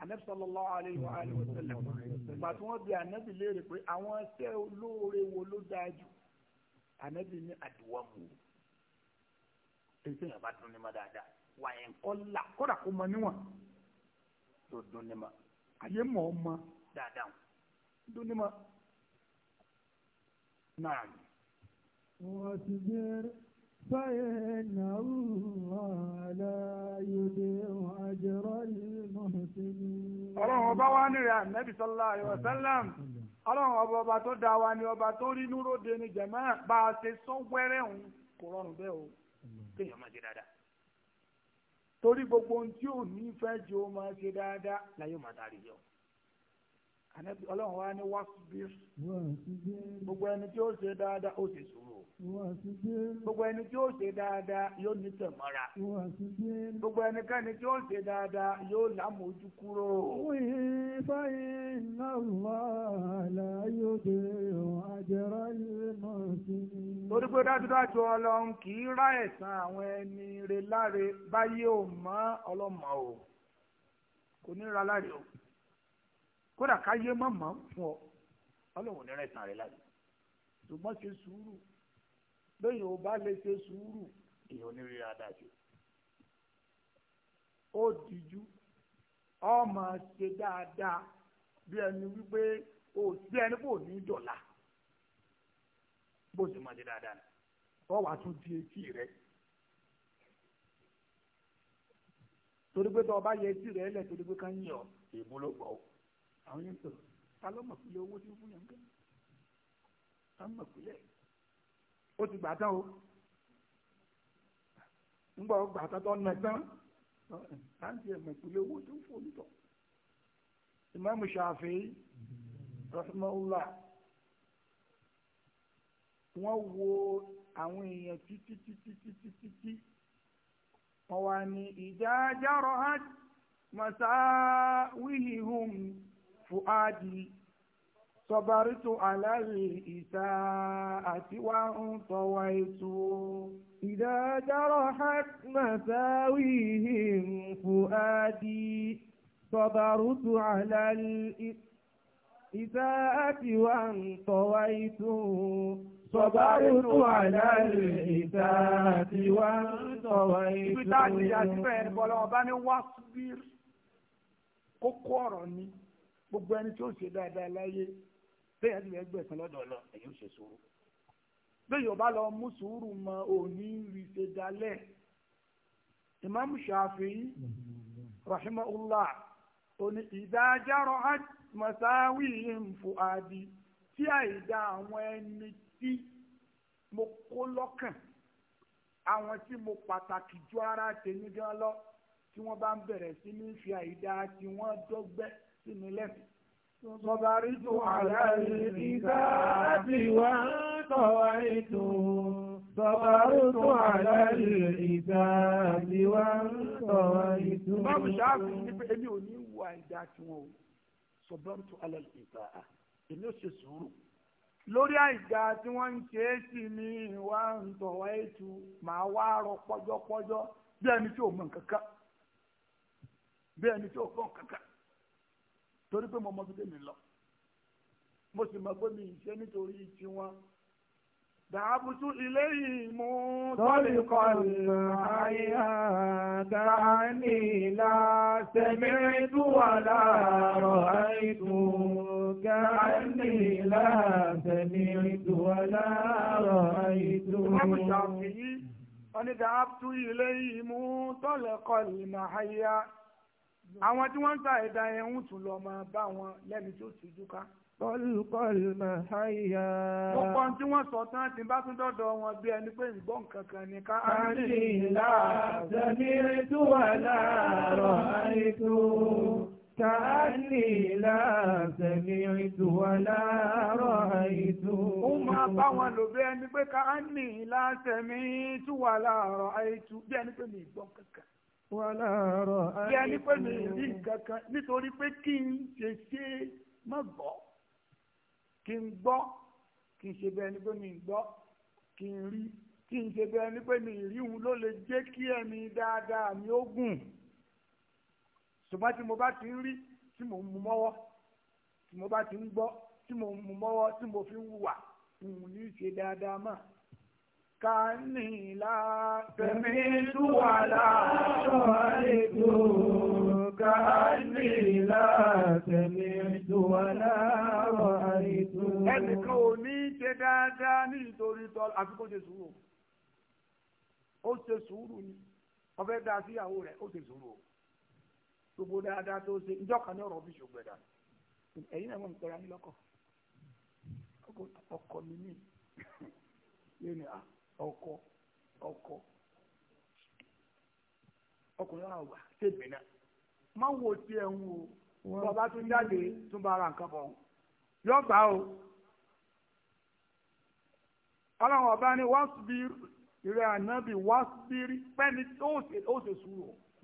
anabi sallallahu alayhi wa alayhi wa sallam ìgbà tí wọ́n bi anabi léèrè pé àwọn ẹsẹ olóore wo ló dáa jù anabi ní àdúwà mu èyí tó yàn bá dúnnímọ̀ dáadáa wàyẹn kọ́là kọ́dà kó mọ níwọ̀n dundun ni ma àyè mọ̀ ọ́ mọ dáadáa dundun ni ma náà ni. wọ́n ti bẹ̀rẹ̀ فإن الله لا يضيع أجر المحسنين ọlọ́run ọba wa ní rẹ̀ ànábì sallallahu alaihi wasallam ọlọ́run ọba ọba tó dá wa ní ọba tó rí núròde ní jẹ̀mọ́ bá a ṣe sọ wẹ́rẹ́ òun kò rọrùn bẹ́ẹ̀ o kéèyàn máa ṣe dáadáa torí gbogbo ohun tí ò ní fẹ́ jẹ́ ó máa ṣe dáadáa láyé ó máa darí yọ. ànábì ọlọ́run wa ní wasbir gbogbo ẹni tí ó ṣe dáadáa ó ṣe sùúrù gbogbo ẹni tí ó ṣe dáadáa yóò ní tẹ̀mọ́ra gbogbo ẹnikẹ́ni tí ó ṣe dáadáa yóò lámójú kúrò. náà torí pé dájúdájú ọlọ́run kì í rá àwọn ẹni re láre ò mọ́ ọlọ́mọ o kò ní ra láre o. kódà ká yé má má fún ọ ọlọ́run ní rẹ̀sán rẹ láti ṣùgbọ́n ṣe sùúrù lóyìn ò bá lè ṣe sùúrù èèyàn ní rírà dáṣe ó dìjú dijú ọmọ ṣe dáadáa bí ẹni wípé o bí ẹni kò ní dọ̀là bó ṣe máa ṣe dáadáa ọ wọ́n wàá tún di etí rẹ. torí pé tó o bá yẹ etí rẹ lẹ̀ torí pé ká ń yàn èèmú ló gbọ́ o. àwọn yẹn sọ̀rọ̀ ta ló mọ̀ pílẹ̀ owó tí ó fún yàn kẹ́ ta mọ̀ pílẹ̀ ó ti gbà tán o ńgbọ́ gbà tán tó nà tán ta ń tiẹ̀ mọ̀ pílẹ̀ owó tó fún onítọ̀ Imam Shafi rahimahullah wọ́n wo àwọn èèyàn títí títí títí títí wọ́n wá ní ìdájárọ̀ hajj masawihihum. فؤادي صبرت على الإساءة وانطويت إذا جرحت مساويهم فؤادي صبرت على الإساءة وانطويت صبرت على الإساءة وانطويت. Ibi tá a ti yà sí bẹ́ẹ̀ ni bọ́lá ọba ní wá síbí kókó ọ̀rọ̀ ni gbogbo ẹni tí ó ṣe dáadáa láyé bẹ́ẹ̀ ti rẹ̀ gbẹ̀sán lọ́dọ̀ lọ ẹ̀yin ò ṣe sùúrù bẹ́ẹ̀ yóò bá lọ mú sùúrù mọ òní rí ṣe dalẹ̀ imam shafi rahimahullah òní ìdájárọ̀ masáwì fuadi tí àìdá àwọn ẹni tí mo kó lọ́kàn àwọn tí mo pàtàkì ju ara tèmi gan lọ tí wọ́n bá ń bẹ̀rẹ̀ sí ní fi àìdá tí wọ́n dọ́gbẹ́ sí mi lẹ́nu. Sọ̀bàrítù àlàyé-ìgbà àti wà ń tọ̀wà ètò. Sọ̀bàrítù àlàyé ní pé èmi ò ní wo àìdá tí wọn o. Sọ̀bàrítù àlàyé-ìgbà èmi ò ṣe sùúrù. Lórí àìdá tí wọ́n ń ṣe é sí mi wà ń tọ̀wà ètò màá wá rọ pọ́jọ́pọ́jọ́ bí ẹni tí ò mọ̀ nǹkan kan. Bí ẹni tí ò mọ̀ nǹkan kan torí pé mo mọ fídé mi lọ mo sì mọ pé mi ì ṣe nítorí tiwọn. Dàbùtú ilé ìmú tọ́lì kọlù àyà dání ìlà sẹ̀mìrì túwà láàárọ̀ àìtù. Dání ìlà sẹ̀mìrì túwà láàárọ̀ àìtù. Wọ́n ṣàfihì, wọ́n ní dàbùtú ilé ìmú tọ́lì kọlù àyà àwọn tí wọ́n ń ta ẹ̀dá yẹn ń tún lọ máa bá wọn lẹ́ni tó ti dúkà. kọ́lùkọ́lù máa ha ìyá. gbogbo ohun tí wọ́n sọ tán ti bá tún dọ́dọ̀ wọn bí ẹni pé ìgbọ́ nǹkan kan ni ká. káàdì ìlà sẹ́mìrì tó wà láàárọ̀ àìtó. káàdì ìlà sẹ́mìrì tó wà láàárọ̀ àìtó. ó máa bá wọn lò bí ẹni pé káàdì ìlà sẹ́mìrì tó wà láàárọ̀ àìtó bí ẹni pé ìgbọ́ nǹkan kan wọ́n láàárọ̀ ayé yẹn ni pé mi rí nǹkan kan nítorí pé kí n ṣe ṣe má gbọ́ kí n gbọ́ kí n ṣe bẹ́ẹ̀ ni pé mi gbọ́ kí n rí kí n ṣe bẹ́ẹ̀ ni pé mi rí òun ló lè jẹ́ kí ẹ̀mí dáadáa mi ó gùn ṣùgbọ́n tí mo bá ti ń rí tí mo ń mu mọ́wọ́ tí mo bá ti ń gbọ́ tí mo ń mu mọ́wọ́ tí mo fi ń wùwà òun ní ṣe dáadáa máa. كاني لا سمعت ولا رأيت كاني لا سمعت ولا رأيت ẹnìkan ò ní ṣe dáadáa ní ìtorí tọ́ àfi ṣe sùúrù ó ṣe sùúrù ni ọfẹ́ dáa síyàwó rẹ̀ ó ṣe sùúrù gbogbo dáadáa tó ṣe ìjọ kan ní ọ̀rọ̀ bí ṣògbẹ́ dà ẹ̀yin náà mọ̀ nípa ẹ̀yin lọ́kọ̀ ọkọ̀ mi ní yé ni a. ọkọ ọkọ ọkùnrin àwọn wà tèmi náà má wo tiẹ̀ ń wo bàbá tó jáde tó bá ara nǹkan bọ̀ yọ gbà o ọlọ́run ọba ni wọ́n bí ìrẹ́ wọ́n bí pẹ́ni ó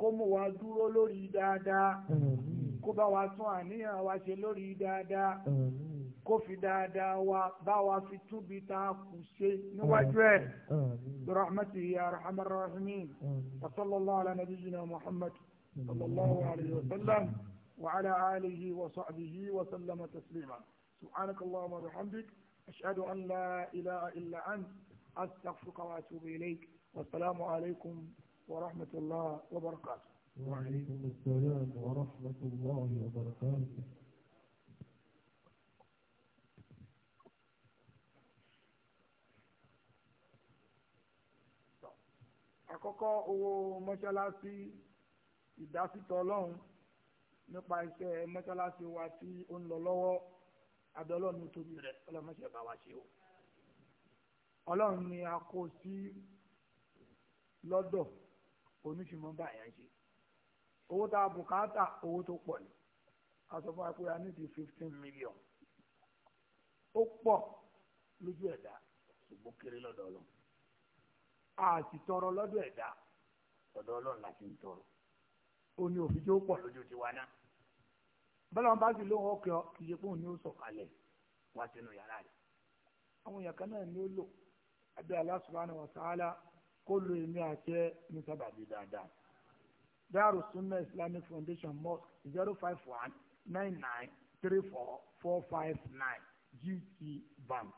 kó mú wa dúró lórí dáadáa kó bá wa tún àníyàn wa ṣe lórí dáadáa kó fi dáadáa wa bá wa fi túbi tá a kù ṣe níwájú ẹ̀ rahmatu ya rahman rahimin wa sallallahu ala nabiyyina muhammad sallallahu alayhi wa sallam wa ala alihi wa sahbihi wa sallama taslima subhanakallahumma wa bihamdik ashhadu an la ilaha illa anta astaghfiruka wa atubu ilayk والسلام عليكم ورحمة الله وبركاته وعليكم السلام ورحمة الله وبركاته àkọ́kọ́ owó mọ́ṣáláṣí ìdásítọ̀ ọlọ́run nípa iṣẹ́ mọ́ṣáláṣí wa tí ó ń lọ lọ́wọ́ adọ́lọ́run tóbi rẹ̀ ọlọ́mọṣẹ́ bá wa ṣe o ọlọ́run ni a kó sí lọ́dọ̀ oníṣìmọ́ báyà ṣe owó tá a bùkátà owó tó pọ̀ ni a sọ fún akóyà ní ti fifteen million ó pọ̀ lójú ẹ̀dá ṣùgbọ́n kéré lọ́dọ̀ ọlọ́run a sì tọrọ lọ́dọ̀ ẹ̀dá ọ̀dọ̀ ọlọ́run la ti ń tọrọ ó ní òfin tí pọ̀ lójú tiwa náà bọ́lá wọn bá sì lóhùn ọ ni ó sọ̀kalẹ̀ wá sínú yàrá rẹ̀ àwọn èèyàn kan náà ni ó lò abẹ́ wa kó lo èmi àti ẹ ní sábàbí dáadáa Darus Sunnah Islamic Foundation Mosque zero five one nine nine three four four five nine GT Bank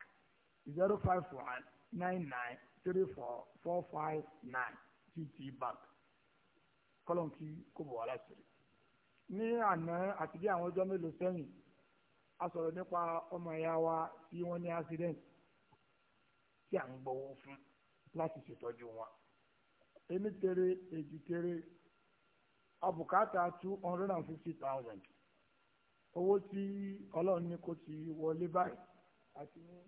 zero five one nine nine three four four five nine GT Bank kọlọ̀nkì kò bọ̀ wá láti rí ní àná àti bí àwọn ọjọ́ mélòó sẹ́yìn a sọ̀rọ̀ nípa ọmọ ìyá wa tí wọ́n ní accident tí à ń gbowó fún un láti ṣètọ́jú wọn ẹni tẹ̀rẹ̀ èjì tẹ̀rẹ̀ abùkátà two hundred and fifty thousand owó tí ọlọ́run ní kó ti wọlé báyìí àti ní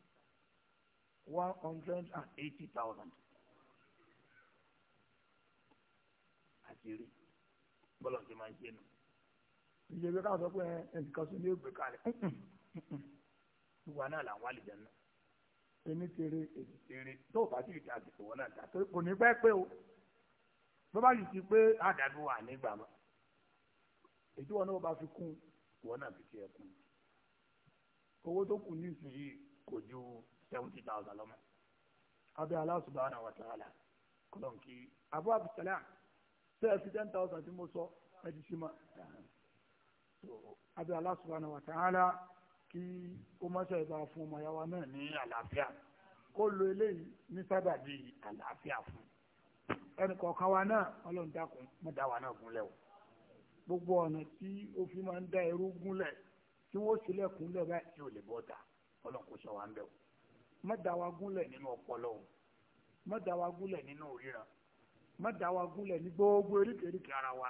one hundred and eighty thousand àti rí bọ́lá ti máa ń ṣe nù. ìyẹ̀wé ká sọ pé ẹnìkan sọ ní ògbé kalẹ̀ ìwà náà làwọn àlejò náà. èmi ti rí èmi ti rí tó bá wọn náà kò ní o bó bá yìí ti pé àdàlù wà nígbà mọ́ èyí wọn náà bá fi kún wọn náà fi tiẹ̀ kún owó tó kù nísìnyí kò ju seventy thousand lọ́mọ abẹ́ Allah abu ten thousand tí mo sọ ti sí ma abẹ́ Allah subhanahu wa kí ó mọ́ṣẹ́ ìbá fún ọmọ yàwá náà ní àlàáfíà kó lo eléyìí ní sábàbí àlàáfíà fún ẹnì kọ̀ọ̀kan náà ọlọ́run dákun náà gúnlẹ̀ o gbogbo ọ̀nà tí ó fi máa ń da irú gúnlẹ̀ tí wọ́n báyìí tí wa ń o mọ́ dá wa gúnlẹ̀ nínú o dá wa gúnlẹ̀ nínú òríran dá wa gúnlẹ̀ ní gbogbo eríkèéríkèé ara wa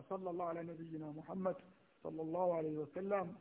صلى الله على نبينا محمد صلى الله عليه وسلم